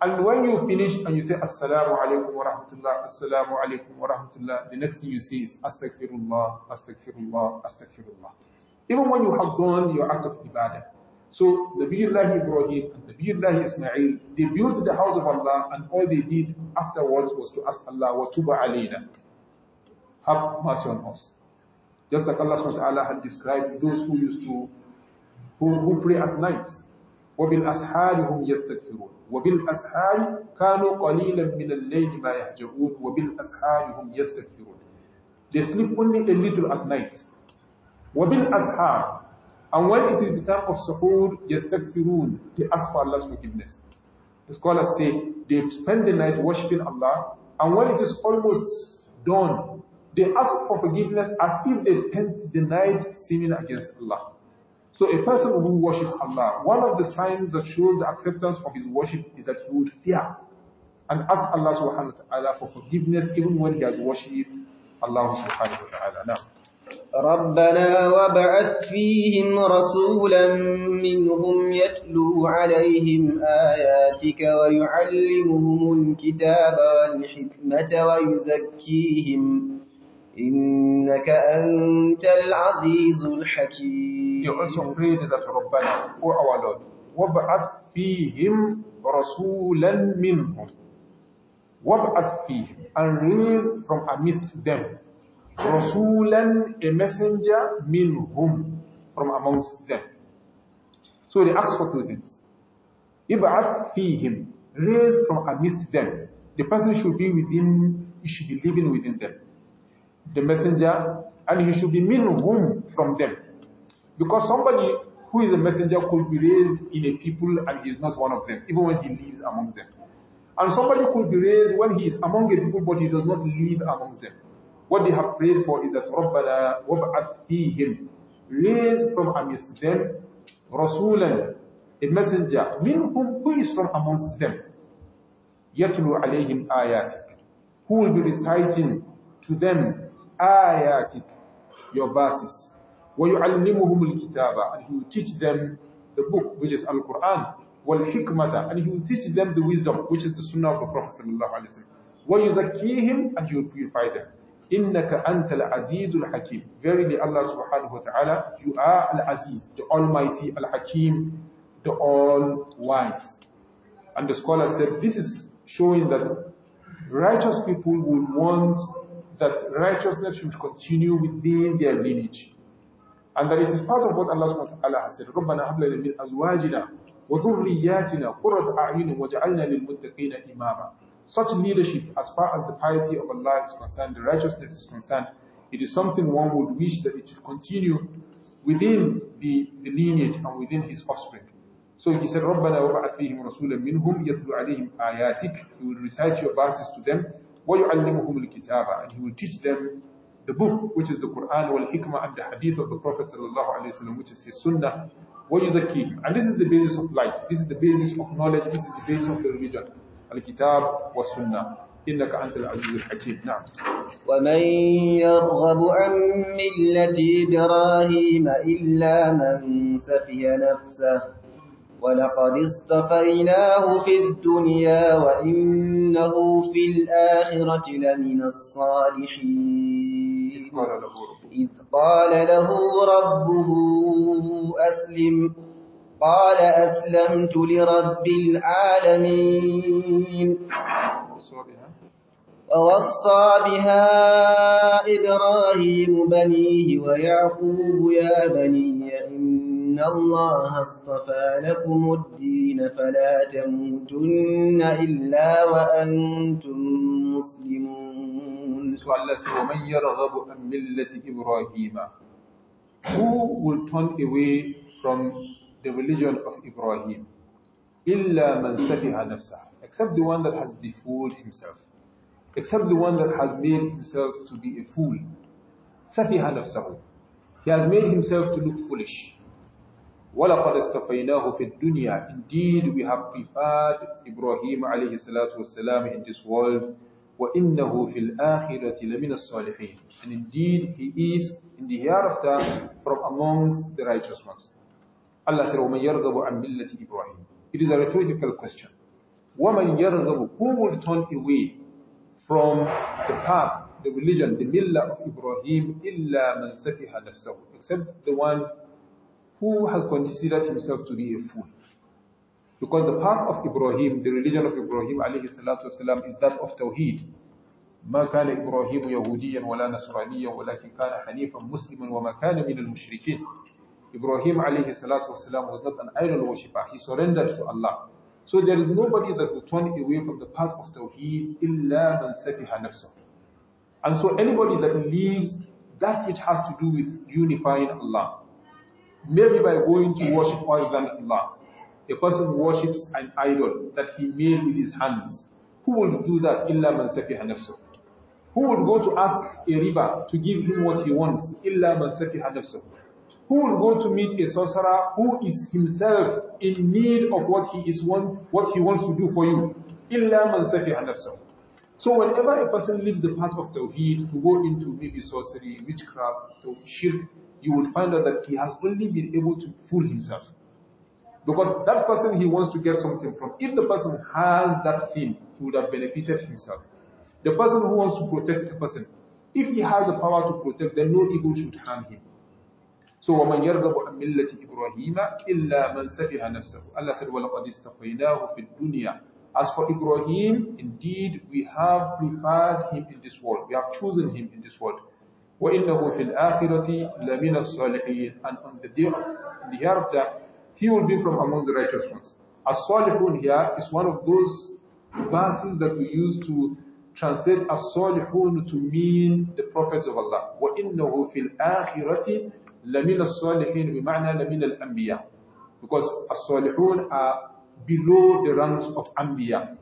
And when you finish and you say, Assalamu alaikum wa rahmatullah, Assalamu alaikum wa rahmatullah, the next thing you say is, Astaghfirullah, Astaghfirullah, Astaghfirullah. Even when you have done your act of ibadah. So the Nabiullah Ibrahim and the Nabiullah Ismail, they built the house of Allah and all they did afterwards was to ask Allah, Wa tuba alayna. Have mercy on us. Just like Allah subhanahu wa had described those who used to, who, who pray at night. وَبِالْأَسْحَارِ هُمْ يَسْتَكْفِرُونَ وَبِالْأَسْحَارِ كَانُوا قَلِيلًا مِنَ اللَّيْلِ مَا يَهْجَعُونَ وَبِالْأَسْحَارِ هُمْ يَسْتَكْفِرُونَ They sleep only a little at night. وَبِالْأَسْحَارِ And when it is the time of suhoor, يَسْتَكْفِرُونَ They ask for Allah's forgiveness. The scholars say they spend the night worshipping Allah, and when it is almost dawn, they ask for forgiveness as if they spent the night sinning against Allah. So a person who worships Allah, one of the signs that shows the acceptance of his worship is that he would fear and ask Allah subhanahu wa ta'ala for forgiveness even when he has worshipped Allah subhanahu wa ta'ala. Now,
ربنا وابعث فيهم رسولا منهم يتلو عليهم آياتك ويعلمهم الكتاب والحكمة ويزكيهم إنك أنت العزيز الحكيم. He also prayed that ربنا, O our Lord, وابعث
فيهم رسولا منهم. وابعث فيهم and raise from amidst them رسولا a messenger منهم from amongst them. So they asked for two things. Ib'ath فيهم raise from amidst them. The person should be within, he should be living within them. the messenger, and he should be minhum from them. Because somebody who is a messenger could be raised in a people and he is not one of them, even when he lives amongst them. And somebody could be raised when he is among a people but he does not live amongst them. What they have prayed for is that رَبَّنَا وَبْعَثْ فِيهِمْ Raise from amongst them رَسُولًا A messenger, minhum who is from amongst them. يَتْلُوا عَلَيْهِمْ آيَاتِكَ Who will be reciting to them ayatik, your verses. وَيُعَلِّمُهُمُ الْكِتَابَ And he will teach them the book, which is Al-Quran. وَالْحِكْمَةَ And he will teach them the wisdom, which is the sunnah of the Prophet ﷺ. وَيُزَكِّيهِمْ And he will purify them. إِنَّكَ أَنْتَ الْعَزِيزُ الْحَكِيمُ Verily Allah subhanahu wa ta'ala, you are Al-Aziz, the Almighty, Al-Hakim, the All-Wise. And the scholar said, this is showing that righteous people would want that righteousness should continue within their lineage. And that it is part of what Allah subhanahu wa ta'ala has said, رَبَّنَا هَبْ لَنَا مِنْ أَزْوَاجِنَا وَذُرِّيَّاتِنَا قُرَّةَ أَعْيُنٍ وَجَعَلْنَا لِلْمُتَّقِينَ إِمَامًا Such leadership, as far as the piety of Allah is concerned, the righteousness is concerned, it is something one would wish that it should continue within the, the lineage and within his offspring. So he said, رَبَّنَا وَبَعَثْ فِيهِمْ رَسُولًا مِنْهُمْ يَتْلُ عَلَيْهِمْ آيَاتِكَ He will recite your verses to them وَيُعَلِّمُهُمُ الْكِتَابَ And he will teach them the book, which is the Quran, والحكمة and the hadith of the Prophet صلى الله عليه وسلم which is his sunnah, وَيُزَكِّيهِمْ And this is the basis of life. This is the basis of knowledge. This is the basis of the religion. الكتاب والسنة إنك أنت
العزيز الحكيم نعم ومن يرغب عن ملة إبراهيم إلا من سفي نفسه وَلَقَدِ اصْطَفَيْنَاهُ فِي الدُّنْيَا وَإِنَّهُ فِي الْآخِرَةِ لَمِنَ الصَّالِحِينَ إِذْ قَالَ لَهُ رَبُّهُ أَسْلِمْ قَالَ أَسْلَمْتُ لِرَبِّ الْعَالَمِينَ ووصى بها إبراهيم بنيه ويعقوب يا بني إن الله اصطفى لكم الدين فلا تموتن إلا وأنتم مسلمون
ومن يرغب عن ملة إبراهيم Who will turn away from the religion of Ibrahim? إلا من سفه نفسه Except the one that has befooled himself. Except the one that has made himself to be a fool. سفه نفسه He has made himself to look foolish. وَلَقَدْ استفيناه فِي الدُّنْيَا Indeed, we have preferred Ibrahim عليه الصلاة والسلام in this world. وَإِنَّهُ فِي الْآخِرَةِ لَمِنَ الصَّالِحِينَ And indeed, he is in the hereafter from amongst the righteous ones. Allah said, وَمَنْ يَرْغَبُ عَنْ مِلَّةِ Ibrahim. It is a rhetorical question. وَمَنْ يَرْغَبُ Who will turn away from the path, the religion, the millah of Ibrahim إِلَّا مَنْ سَفِهَ نَفْسَهُ Except the one who has considered himself to be a fool. Because the path of Ibrahim, the religion of Ibrahim alayhi salatu wasalam, is that of Tawheed. ما كان إبراهيم يهوديا ولا نصرانيا ولكن كان حنيفا مسلما وما كان من المشركين Ibrahim alayhi salatu wasalam was not an idol worshipper. He surrendered to Allah. So there is nobody that will turn away from the path of Tawheed إِلَّا مَنْ سَفِحَ نَفْسَهُ And so anybody that leaves that which has to do with unifying Allah, Maybe by going to worship other than Allah. A person worships an idol that he made with his hands. Who would do that? Illa man safiha nafsuh. Who would go to ask a river to give him what he wants? Illa man safiha nafsuh. Who would go to meet a sorcerer who is himself in need of what he is want, what he wants to do for you? Illa man safiha nafsuh. So whenever a person leaves the path of Tawheed to go into maybe sorcery, witchcraft, shirk, you would find out that he has only been able to fool himself. Because that person he wants to get something from, if the person has that thing, he would have benefited himself. The person who wants to protect a person, if he has the power to protect, then no evil should harm him. So وَمَنْ يَرْغَبُ عَنْ مِلَّةِ إِبْرَاهِيمَ إِلَّا مَنْ سَفِهَ نَفْسَهُ Allah said, وَلَقَدْ اسْتَفَيْنَاهُ فِي الدُّنْيَا as for Ibrahim, indeed we have preferred him in this world. We have chosen him in this world. وَإِنَّهُ فِي الْآخِرَةِ لَمِنَ الصَّالِحِينَ And on the day, in the hereafter, he will be from among the righteous ones. As-salihun here is one of those verses that we use to translate as-salihun to mean the prophets of Allah. وَإِنَّهُ فِي الْآخِرَةِ لَمِنَ الصَّالِحِينَ بِمَعْنَى لَمِنَ الْأَنْبِيَاءِ Because as-salihun are below the ranks of Anbiya.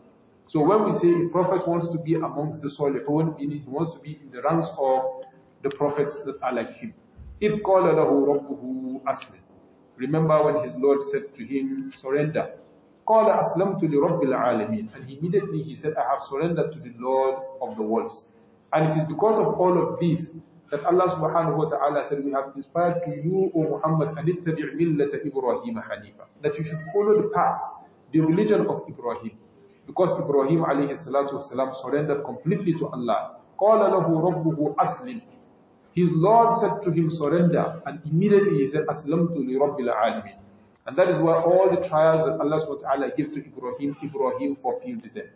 So when we say a prophet wants to be amongst the Salihun, meaning he wants to be in the ranks of the prophets that are like him. إِذْ قَالَ لَهُ رَبُّهُ أَسْلِمْ Remember when his Lord said to him, surrender. قَالَ أَسْلَمْتُ لِرَبِّ الْعَالَمِينَ And immediately he said, I have surrendered to the Lord of the worlds. And it is because of all of this that Allah subhanahu wa ta'ala said, we have inspired to you, O Muhammad, أَنِتَّبِعْ مِلَّةَ إِبْرَاهِيمَ حَنِيفًا That you should follow the path the religion of Ibrahim. Because Ibrahim alayhi salatu wasalam surrendered completely to Allah. قَالَ لَهُ رَبُّهُ أَسْلِمْ His Lord said to him, surrender. And immediately he said, أَسْلَمْتُ لِرَبِّ الْعَالَمِينَ And that is why all the trials that Allah subhanahu wa ta'ala gave to Ibrahim, Ibrahim fulfilled them.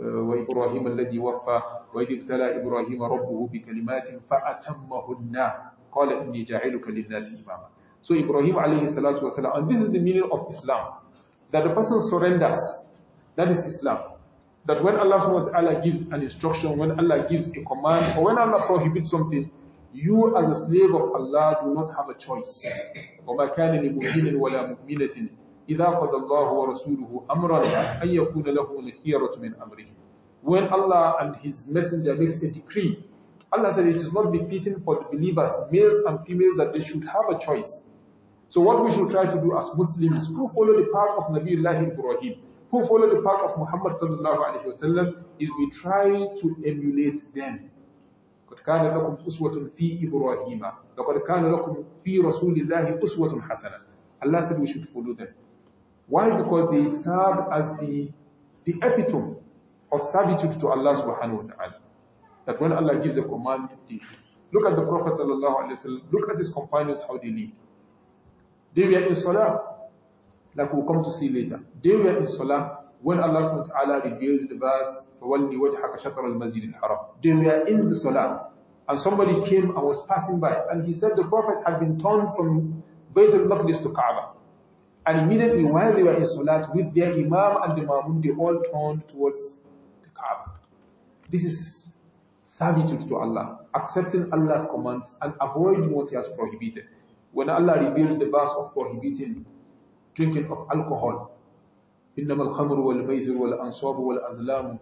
وإبراهيم الذي وفى وَإِبْتَلَى إبراهيم ربه بكلمات فأتمهن قال إني جاعلك للناس إماما so Ibrahim alayhi salatu wasalam, and this is the meaning of Islam, that the person surrenders, that is Islam. That when Allah subhanahu wa ta'ala gives an instruction, when Allah gives a command, or when Allah prohibits something, you as a slave of Allah do not have a choice. وَمَا كَانَ لِمُؤْمِنٍ وَلَا مُؤْمِنَةٍ إِذَا قَدَ اللَّهُ وَرَسُولُهُ أَمْرًا أَنْ يَكُونَ لَهُ الْخِيَرَةُ مِنْ أَمْرِهِ When Allah and His Messenger makes a decree, Allah said it is not befitting for the believers, males and females, that they should have a choice. So what we should try to do as Muslims who follow the path of Nabiullah Ibrahim, who follow the path of Muhammad sallallahu Alaihi wasallam, is we try to emulate them. قد كان لكم أسوة في إبراهيم لقد كان لكم في رسول الله أسوة حسنة Allah said we should follow them. Why? Because they serve as the, the epitome of servitude to Allah subhanahu wa ta'ala. That when Allah gives a command, they Look at the Prophet sallallahu alayhi wa sallam, look at his companions, how they lead. They were in Salah, like we'll come to see later. They were in Salah when Allah subhanahu wa ta'ala revealed the verse, They were in the Salah. And somebody came and was passing by, and he said the Prophet had been turned from Baytul Maqdis to Kaaba. And immediately while they were in Salat with their Imam and the Mamun, they all turned towards the Kaaba. This is servitude to Allah, accepting Allah's commands and avoiding what He has prohibited when Allah revealed the verse of prohibiting drinking of alcohol, إنما الخمر والميسر والأنصاب والأزلام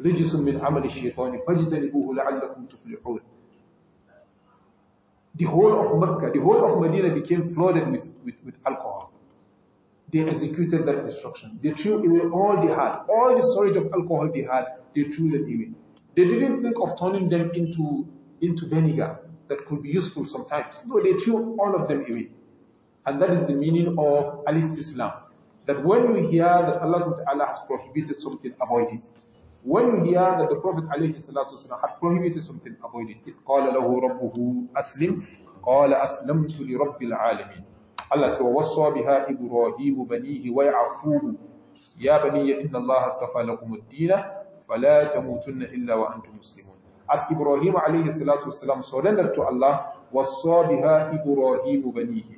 رجس من عمل الشيطان فاجتنبوه لعلكم تفلحون The whole of Mecca, the whole of Medina became flooded with, with, with alcohol. They executed that instruction. They threw away all they had, all the storage of alcohol they had, they threw them away. They didn't think of turning them into, into vinegar that could be useful sometimes, No, they threw all of them away. And that is the meaning of al-istislam. That when you hear that Allah Ta'ala has prohibited something, avoid it. When you hear that the Prophet والسلام, had prohibited something, avoid it. If قال له ربه أسلم قال أسلمت لرب العالمين Allah said, وَوَصَّى بِهَا إِبْرَاهِيمُ بَنِيهِ وَيَعْقُوبُ يَا بَنِيَّ إِنَّ اللَّهَ اصْطَفَى لَكُمُ الدِّينَ فَلَا تَمُوتُنَّ إِلَّا وَأَنْتُمْ مُسْلِمُونَ as Ibrahim alayhi salatu wassalam surrendered to Allah wasaw biha Ibrahim banihi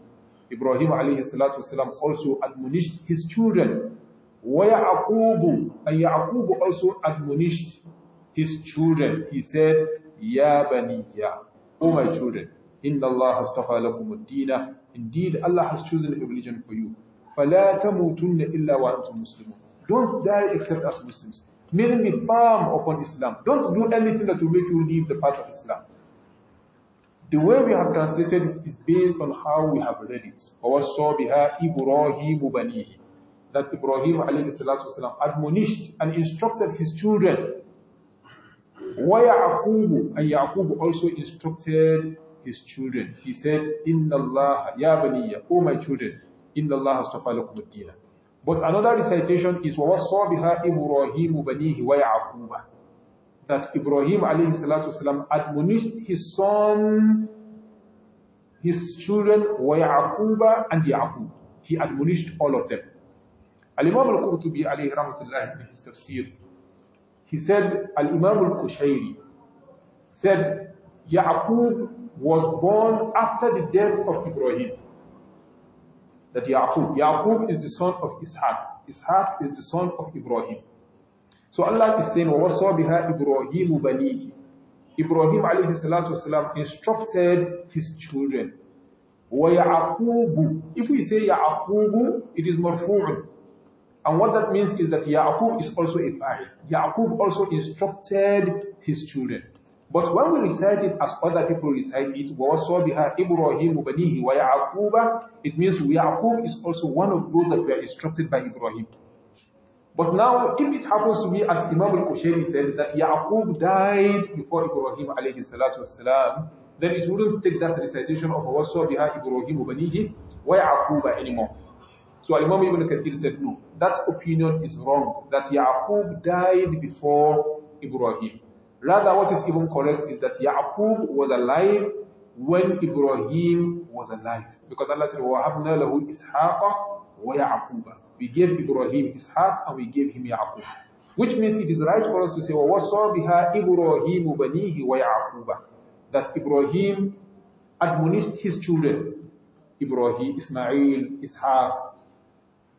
Ibrahim alayhi salatu wassalam also admonished his children wa Yaqub and Yaqub also admonished his children he said ya baniya o my children inna Allah astafa lakum ad-din indeed Allah has chosen a religion for you fala tamutunna illa wa antum muslimun don't die except as muslims Meaning be firm upon Islam. Don't do anything that will make you leave the path of Islam. The way we have translated it is based on how we have read it. وَوَصَّى بِهَا ibrahim بَنِيهِ That Ibrahim والسلام, admonished and instructed his children. وَيَعْقُوبُ And Yaqub also instructed his children. He said, Inna Allah, ya بَنِيَّ O my children, إِنَّ اللَّهَ اصْطَفَى لَكُمُ الدِّينَ but another recitation is وَوَصَّى بِهَا إِبْرَاهِيمُ بَنِيهِ وَيَعْقُوبَ That Ibrahim alayhi salatu wasalam admonished his son, his children, وَيَعْقُوبَ and Ya'qub. He admonished all of them. Al-Imam al-Qurtubi alayhi rahmatullah in his tafsir, he said, Al-Imam al Qushayri said, Ya'qub was born after the death of Ibrahim that Yaqub. Yaqub is the son of Ishaq. Ishaq is the son of Ibrahim. So Allah is saying, وَوَصَى بِهَا إِبْرَاهِيمُ بَنِيهِ Ibrahim alayhi salatu wasalam instructed his children. وَيَعْقُوبُ If we say Ya'qubu, it is marfu'un. And what that means is that Ya'qub is also a fa'il. Ya'qub also instructed his children. But when we recite it as other people recite it, وَوَصَّى بِهَا إِبْرَاهِيمُ بَنِيهِ وَيَعْقُوبَ It means Yaqub is also one of those that were instructed by Ibrahim. But now, if it happens to be as Imam al-Qushayri said, that Yaqub died before Ibrahim alayhi salatu wasalam, then it wouldn't take that recitation of وَوَصَّى بِهَا إِبْرَاهِيمُ بَنِيهِ وَيَعْقُوبَ anymore. So Imam Ibn Kathir said, no, that opinion is wrong, that Yaqub died before Ibrahim. Rather, what is even correct is that Ya'qub was alive when Ibrahim was alive. Because Allah said, وَهَبْنَا لَهُ إِسْحَاقَ وَيَعْقُوبَ We gave Ibrahim Ishaq and we gave him Ya'qub. Which means it is right for us to say, وَوَصَّى بِهَا إِبْرَاهِيمُ بَنِيهِ وَيَعْقُوبَ That Ibrahim admonished his children, Ibrahim, Ismail, Ishaq,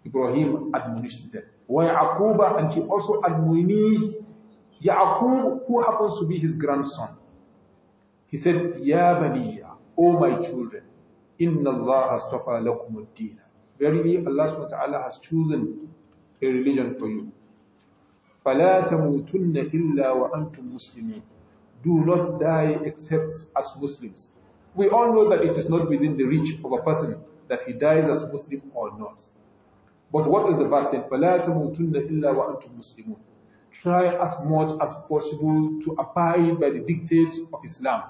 Ibrahim admonished them. وَيَعْقُوبَ And he also admonished Ya'qub, who happens to be his grandson, he said, Ya Baniya, O my children, Inna Allah has lakum ad Verily, Allah subhanahu wa ta'ala has chosen a religion for you. فَلَا تَمُوتُنَّ إِلَّا وَأَنْتُمْ مُسْلِمُونَ Do not die except as Muslims. We all know that it is not within the reach of a person that he dies as Muslim or not. But what is the verse saying? فَلَا تَمُوتُنَّ إِلَّا وَأَنْتُمْ مُسْلِمُونَ try as much as possible to abide by the dictates of Islam.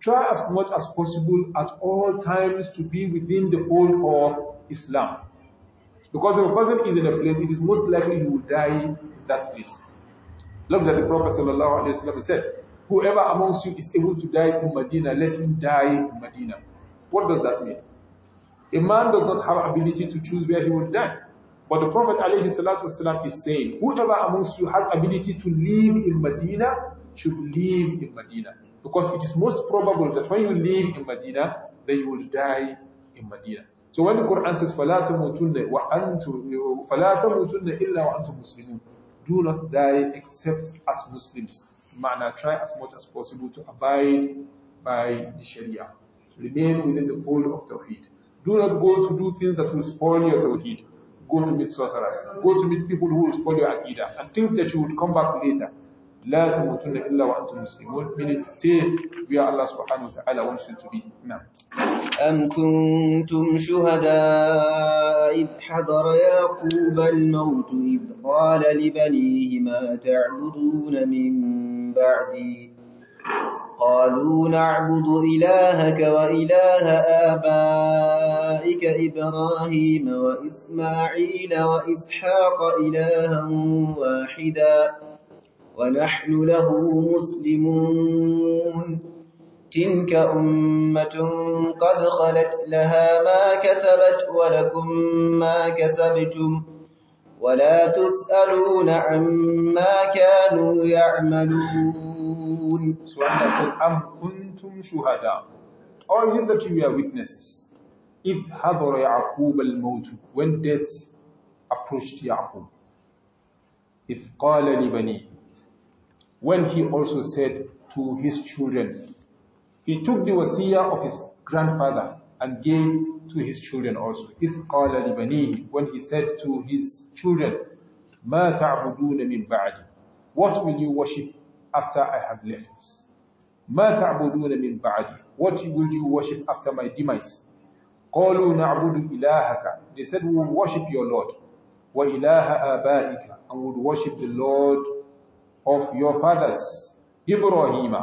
Try as much as possible at all times to be within the fold of Islam. Because if a person is in a place, it is most likely he will die in that place. Look at the Prophet wasallam said, whoever amongst you is able to die in Medina, let him die in Medina. What does that mean? A man does not have ability to choose where he will die. But the Prophet والسلام, is saying, whoever amongst you has ability to live in Medina should live in Medina. Because it is most probable that when you live in Medina, then you will die in Medina. So when the Quran says, فَلَا تَمُوتُنَّ وَأَنْتُمْ فَلَا تَمُوتُنَّ إِلَّا وَأَنْتُمْ مُسْلِمُونَ Do not die except as Muslims. Ma'ana, try as much as possible to abide by the Sharia. Remain within the fold of Tawheed. Do not go to do things that will spoil your Tawheed. go to meet sorcerers, go to meet people who will spoil your Aqidah and think that you would come back later. لا تموتن إلا وأنتم مسلمون من التين بيا الله سبحانه وتعالى wants you to
be نعم أم كنتم شهداء إذ حضر ياقوب الموت إذ قال لبنيه ما تعبدون من بعدي قالوا نعبد إلهك وإله آبائك ذلك إِبْرَاهِيمَ وَإِسْمَاعِيلَ وَإِسْحَاقَ إِلَٰهًا وَاحِدًا وَنَحْنُ لَهُ مُسْلِمُونَ تِلْكَ أُمَّةٌ قَدْ خَلَتْ لَهَا مَا كَسَبَتْ وَلَكُمْ مَا كَسَبْتُمْ وَلَا تُسْأَلُونَ عَمَّا كَانُوا يَعْمَلُونَ So Allah said, أَمْ كُنْتُمْ شُهَدَاءَ
Or is it that you are witnesses? If حَضَرَ يَعْقُوبَ الْمَوْتُ When death approached Yaqub. if قَالَ لِبَنِيهِ When he also said to his children, he took the waṣiya of his grandfather and gave to his children also. If قَالَ لِبَنِيهِ When he said to his children, مَا تَعْبُدُونَ مِنْ بَعْدِ What will you worship after I have left? مَا تَعْبُدُونَ مِنْ بَعْدِ What will you worship after my demise? قالوا نعبد إلهك. They said, we worship your Lord. وَإِلَهَ آبَائِكَ And we worship the Lord of your fathers. Ibrahim.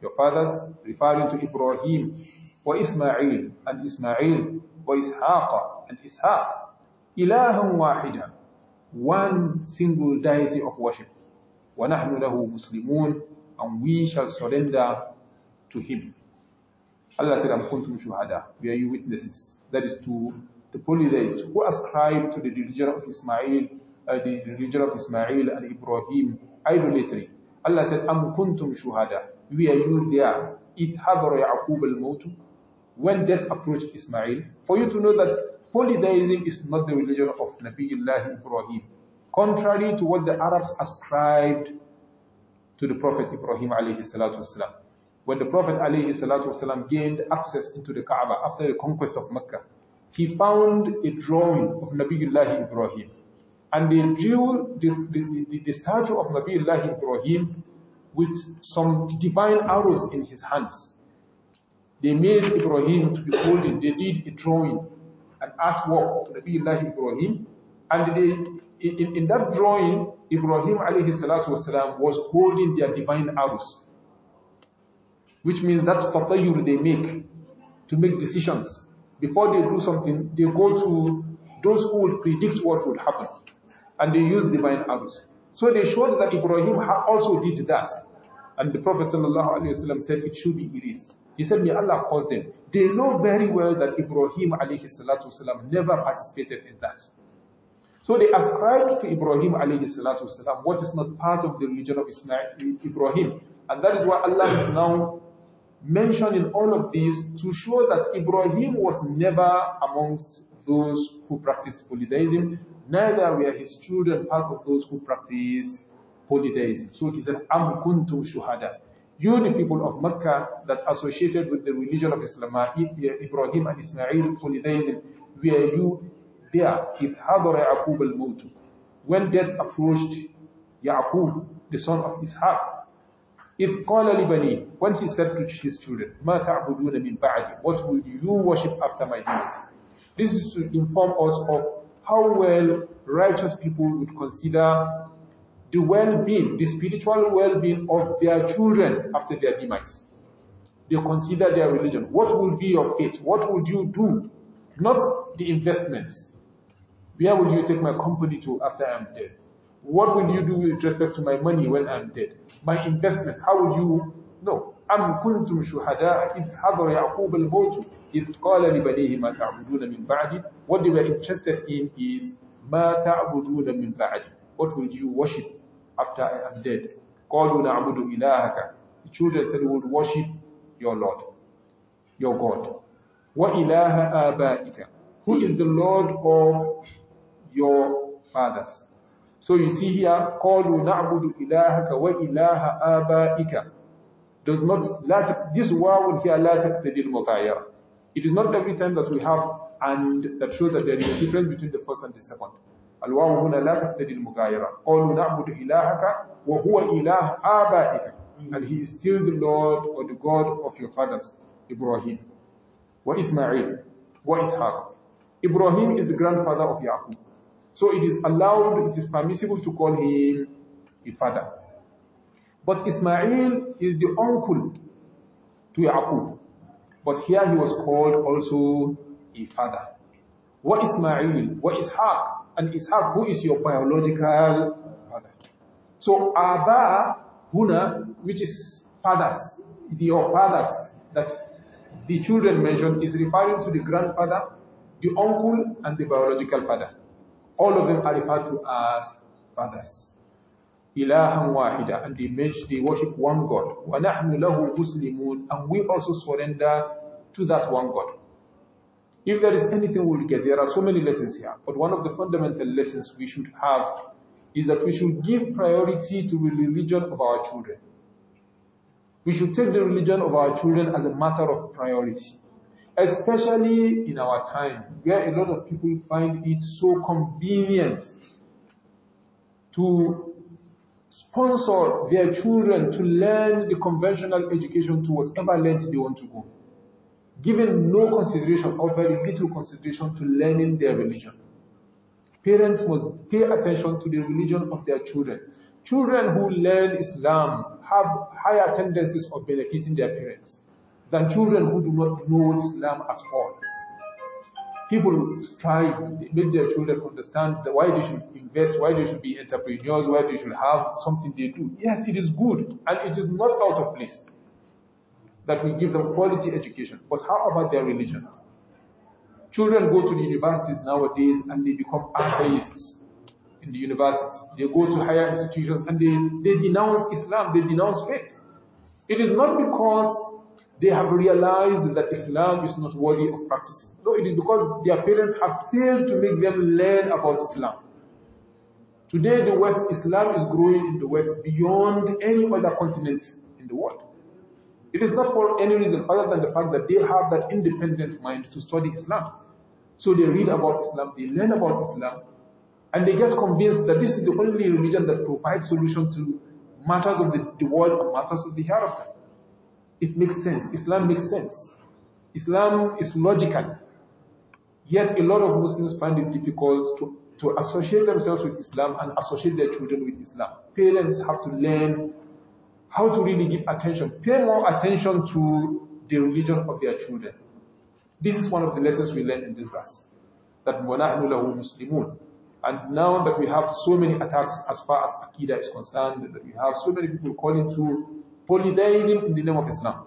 Your fathers referring to Ibrahim. وإسماعيل and Ismail. وإسحاق and Ishaq. إله واحدا. One single deity of worship. وَنَحْنُ لَهُ مُسْلِمُونَ And we shall surrender to him. Allah said, Am kuntum shuhada. are you witnesses? That is to the polytheists who ascribe to the religion of Ismail, uh, the religion of Ismail and Ibrahim, idolatry. Allah said, Am kuntum shuhada. Were you there? إِذْ yaqub al الْمَوْتُ When death approached Ismail, for you to know that polytheism is not the religion of Nabiullah Ibrahim. Contrary to what the Arabs ascribed to the Prophet Ibrahim alayhi salatu wasalam. When the Prophet والسلام, gained access into the Kaaba after the conquest of Mecca, he found a drawing of Nabiullah Ibrahim. And they drew the, the, the, the statue of Nabiullah Ibrahim with some divine arrows in his hands. They made Ibrahim to be holding, they did a drawing, an artwork of Nabiullah Ibrahim, and they, in, in that drawing, Ibrahim alayhi was holding their divine arrows which means that's tatayur they make to make decisions. Before they do something, they go to those who will predict what will happen, and they use divine arrows. So they showed that Ibrahim also did that, and the Prophet said it should be erased. He said, may Allah cause them. They know very well that Ibrahim والسلام, never participated in that. So they ascribed to Ibrahim والسلام, what is not part of the religion of Islam, Ibrahim. And that is why Allah is now mentioned in all of these to show that Ibrahim was never amongst those who practiced polytheism, neither were his children part of those who practiced polytheism. So he said, Am kuntum shuhada. You, the people of Mecca that associated with the religion of Islam, Ibrahim and Ismail, polytheism, were you there? If When death approached Yaqub, the son of Ishaq, إِذْ قَالَ لِبَنِيهِ When he said to his children, مَا تَعْبُدُونَ مِنْ بعدي What will you worship after my demise? This is to inform us of how well righteous people would consider the well-being, the spiritual well-being of their children after their demise. They consider their religion. What will be your faith? What would you do? Not the investments. Where will you take my company to after I'm dead? What will you do with respect to my money when I'm dead? My investment, how will you? No. أَمْ كُنْتُمْ شُهَدَاءَ إِذْ حَضَرَ يَعْقُوبَ الْمَوْتُ إِذْ قَالَ لِبَنِيهِ مَا تَعْبُدُونَ مِنْ بَعْدِ What they were interested in is مَا تَعْبُدُونَ مِنْ بَعْدِ What will you worship after I am dead? قَالُوا نَعْبُدُ إِلَهَكَ The children said, we would worship your Lord, your God. وَإِلَهَ آبَائِكَ Who is the Lord of your fathers? So you see here, قَالُوا نَعْبُدُ إِلَهَكَ وَإِلَهَ آبَائِكَ Does not, لا this word here, لا تقتدي المغايرة. It is not every time that we have and that shows that there is a difference between the first and the second. الواو هنا لا تقتدي المغايرة. قَالُوا نَعْبُدُ إِلَهَكَ وَهُوَ إِلَهَ آبَائِكَ And he is still the Lord or the God of your fathers, Ibrahim. وَإِسْمَعِيلَ وَإِسْحَاقَ Ibrahim is the grandfather of Yaqub. So it is allowed, it is permissible to call him a father. But Ismail is the uncle to Yaqub. But here he was called also a father. What Ismail? What Ishaq? And Ishaq, who is your biological father? So Aba, Huna, which is fathers, the fathers that the children mentioned is referring to the grandfather, the uncle, and the biological father. All of them are referred to as fathers. Ilahan wahida, and they, mention, they worship one God. وَنَحْنُ And we also surrender to that one God. If there is anything we'll get, there are so many lessons here, but one of the fundamental lessons we should have is that we should give priority to the religion of our children. We should take the religion of our children as a matter of priority especially in our time, where a lot of people find it so convenient to sponsor their children to learn the conventional education to whatever length they want to go, giving no consideration or very little consideration to learning their religion. Parents must pay attention to the religion of their children. Children who learn Islam have higher tendencies of benefiting their parents than children who do not know Islam at all. People try to make their children understand why they should invest, why they should be entrepreneurs, why they should have something they do. Yes, it is good and it is not out of place that we give them quality education. But how about their religion? Children go to the universities nowadays and they become atheists in the university. They go to higher institutions and they, they denounce Islam, they denounce faith. It is not because they have realized that Islam is not worthy of practicing. No, it is because their parents have failed to make them learn about Islam. Today, the West, Islam is growing in the West beyond any other continent in the world. It is not for any reason other than the fact that they have that independent mind to study Islam. So they read about Islam, they learn about Islam, and they get convinced that this is the only religion that provides solution to matters of the, the world and matters of the hereafter. It makes sense. Islam makes sense. Islam is logical. Yet a lot of Muslims find it difficult to, to associate themselves with Islam and associate their children with Islam. Parents have to learn how to really give attention, pay more attention to the religion of their children. This is one of the lessons we learn in this verse. That وَنَحْنُ لَهُ مُسْلِمُونَ And now that we have so many attacks as far as Aqidah is concerned, that we have so many people calling to Polytheism in the name of Islam.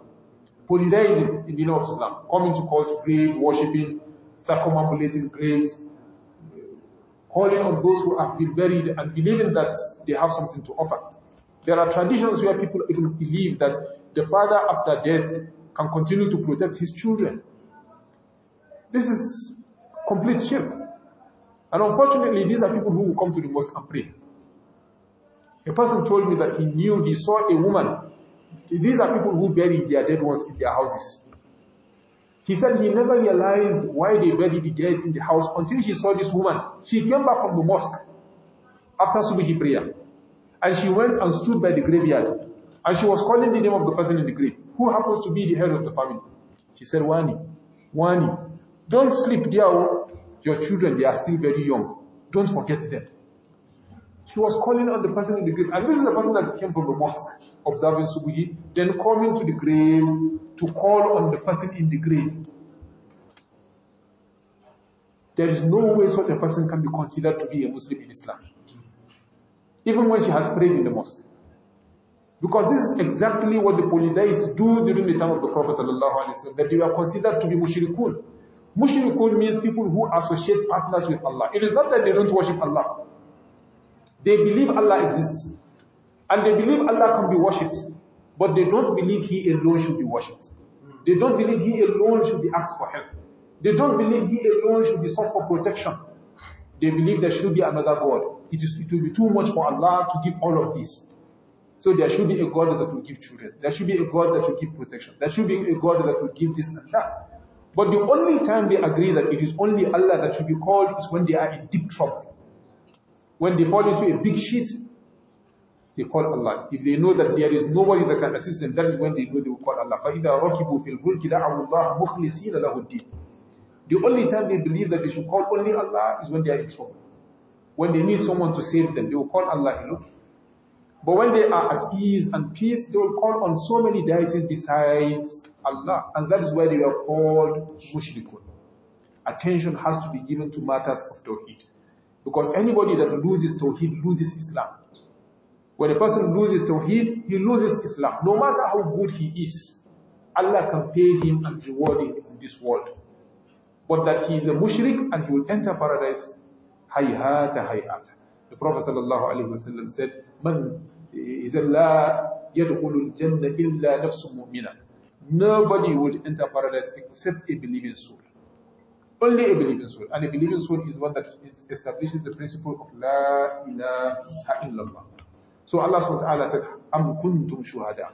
Polytheism in the name of Islam. Coming to cult grave, worshipping, circumambulating graves, calling on those who have been buried and believing that they have something to offer. There are traditions where people even believe that the father after death can continue to protect his children. This is complete shirk. And unfortunately, these are people who will come to the mosque and pray. A person told me that he knew, he saw a woman these are people who bury their dead ones in their houses. He said he never realized why they buried the dead in the house until he saw this woman. She came back from the mosque after Subhi prayer. And she went and stood by the graveyard. And she was calling the name of the person in the grave, who happens to be the head of the family. She said, Wani, Wani, don't sleep there. Oh. Your children, they are still very young. Don't forget them. She was calling on the person in the grave. And this is the person that came from the mosque observing Subuhi, then coming to the grave to call on the person in the grave. There is no way such a person can be considered to be a Muslim in Islam. Even when she has prayed in the mosque. Because this is exactly what the polytheists do during the time of the Prophet wasallam that they are considered to be mushrikun. Mushrikun means people who associate partners with Allah. It is not that they don't worship Allah. They believe Allah exists. And they believe Allah can be worshipped, but they don't believe He alone should be worshipped. They don't believe He alone should be asked for help. They don't believe He alone should be sought for protection. They believe there should be another God. It, is, it will be too much for Allah to give all of this. So there should be a God that will give children. There should be a God that will give protection. There should be a God that will give this and that. But the only time they agree that it is only Allah that should be called is when they are in deep trouble. When they fall into a big shit they call Allah. If they know that there is nobody that can assist them, that is when they know they will call Allah. فَإِذَا رَكِبُوا فِي الْفُلْكِ دَعَوُ اللَّهَ مُخْلِصِينَ لَهُ الدِّينَ The only time they believe that they should call only Allah is when they are in trouble. When they need someone to save them, they will call Allah alone. But when they are at ease and peace, they will call on so many deities besides Allah. And that is why they are called mushrikun. Attention has to be given to matters of tawhid. Because anybody that loses tawhid loses Islam. When a person loses Tawheed, he loses Islam. No matter how good he is, Allah can pay him and reward him in this world. But that he is a mushrik and he will enter paradise, hayata hayata. The Prophet sallallahu alaihi wasallam said, "Man is Allah yadkhulul jannah illa nafsun Nobody would enter paradise except a believing soul. Only a believing soul. And a believing soul is one that establishes the principle of La ilaha illallah. So Allah subhanahu said, Am kuntum shuhada.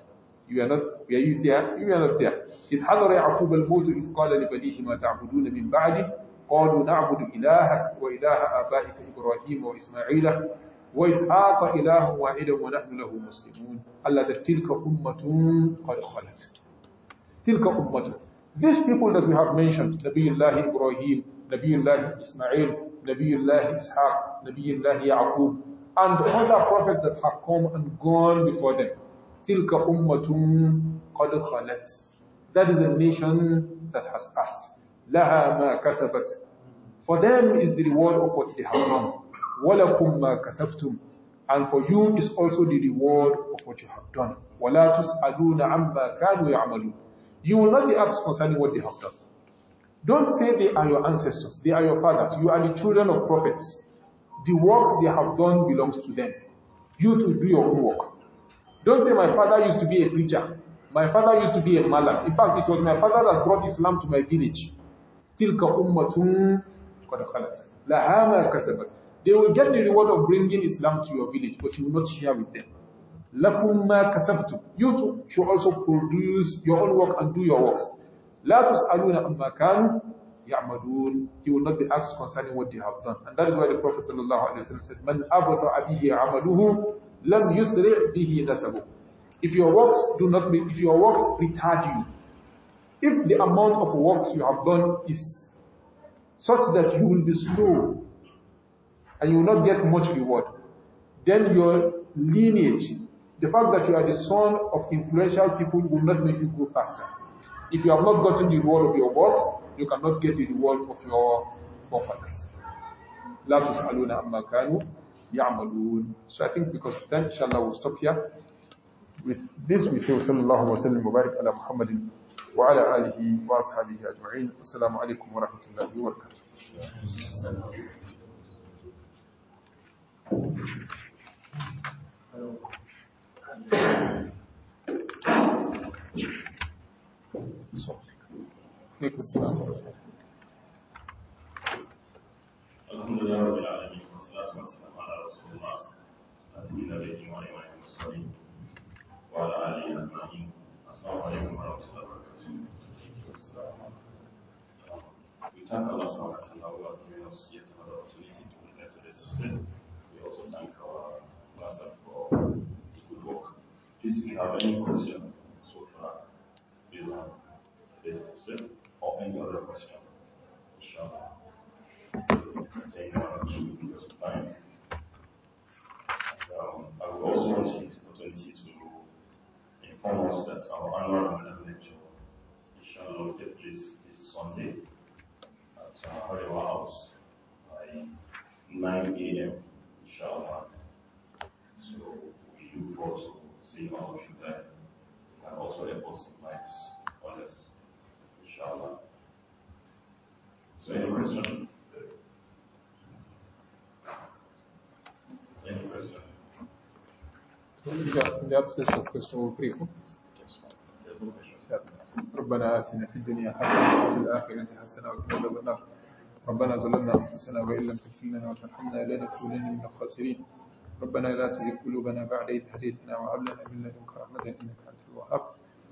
You are not, were you there? You are not there. إِذْ حَضَرَ a الْمَوْتُ إِذْ قَالَ لِبَنِيهِ مَا تَعْبُدُونَ مِنْ wa قَالُوا نَعْبُدُ Ibrahim وَإِلَهَ آبَائِكَ إِبْرَاهِيمَ وَإِسْمَاعِيلَ وَإِسْحَاقَ إِلَهًا وَاحِدًا وَنَحْنُ لَهُ مُسْلِمُونَ Allah said, تِلْكَ أُمَّةٌ قَدْ خَلَتْ تِلْكَ أُمَّةٌ These people that we have mentioned, Nabi Allah Ibrahim, Nabi Ismail, Nabi Ishaq, Yaqub, and other prophets that have come and gone before them. Tilka ummatum qad khalat. That is a nation that has passed. Laha ma kasabat. For them is the reward of what they have done. Walakum ma kasabtum. And for you is also the reward of what you have done. وَلَا تُسْأَلُونَ عَمَّا كَانُوا يَعْمَلُونَ You will not be asked concerning what they have done. Don't say they are your ancestors, they are your fathers, you are the children of prophets. The works they have done belongs to them. You to do your own work. Don't say, my father used to be a preacher. My father used to be a malam. In fact, it was my father that brought Islam to my village. تِلْكَ ummatun قَدْ They will get the reward of bringing Islam to your village, but you will not share with them. لَكُمْ مَا You too should also produce your own work and do your works. La tusaluna أَمَّا كَانُوا يعملون he will not be asked concerning what they have done and that is why the prophet sallallahu alaihi wasallam said man abata bihi amaluhu lam yusri bihi nasabu if your works do not make if your works retard you if the amount of works you have done is such that you will be slow and you will not get much reward then your lineage the fact that you are the son of influential people will not make you go faster if you have not gotten the reward of your works you cannot get to the world of your forefathers. لا تسألون amma kanu, يعملون. So I think because then inshallah, we'll stop here. With this, we say, وصلى الله وسلم وبارك على محمد وعلى آله وأصحابه أجمعين. السلام عليكم ورحمة الله وبركاته. Thank you. We thank us yet another opportunity to this event. We also thank our master for the work. Please, if you have any questions so far,
please uh, any other question? Inshallah. Take much because
of time. And, um, I would also want to take this opportunity to inform us that our annual Ramadan
lecture, inshallah, will take place this Sunday at uh, Arewa House by 9 a.m. inshallah. So we look forward to seeing all of you.
إذا أبسسوا كسروا بريكم ربنا آتنا في الدنيا حسنة وفي الآخرة حسنة وقنا عذاب النار ربنا ظلمنا أنفسنا وإن لم تغفر لنا وترحمنا لنكونن من الخاسرين ربنا لا تزغ قلوبنا بعد إذ هديتنا وهب لنا من لدنك رحمة إنك أنت الوهاب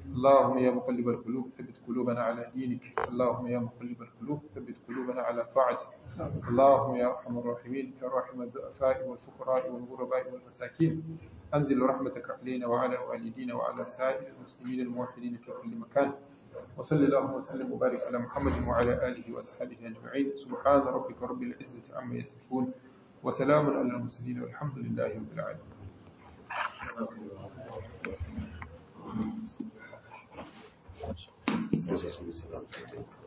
اللهم يا مقلب القلوب ثبت قلوبنا على دينك اللهم يا مقلب القلوب ثبت قلوبنا على طاعتك اللهم يا ارحم الراحمين يا راحم الضعفاء والفقراء والغرباء والمساكين انزل رحمتك علينا وعلى والدينا وعلى سائر المسلمين الموحدين في كل مكان وصلى اللهم وسلم وبارك على محمد وعلى اله واصحابه اجمعين سبحان ربك رب العزه عما يصفون وسلام على المرسلين والحمد لله رب العالمين muss ich ein bisschen genau. antreten. Genau.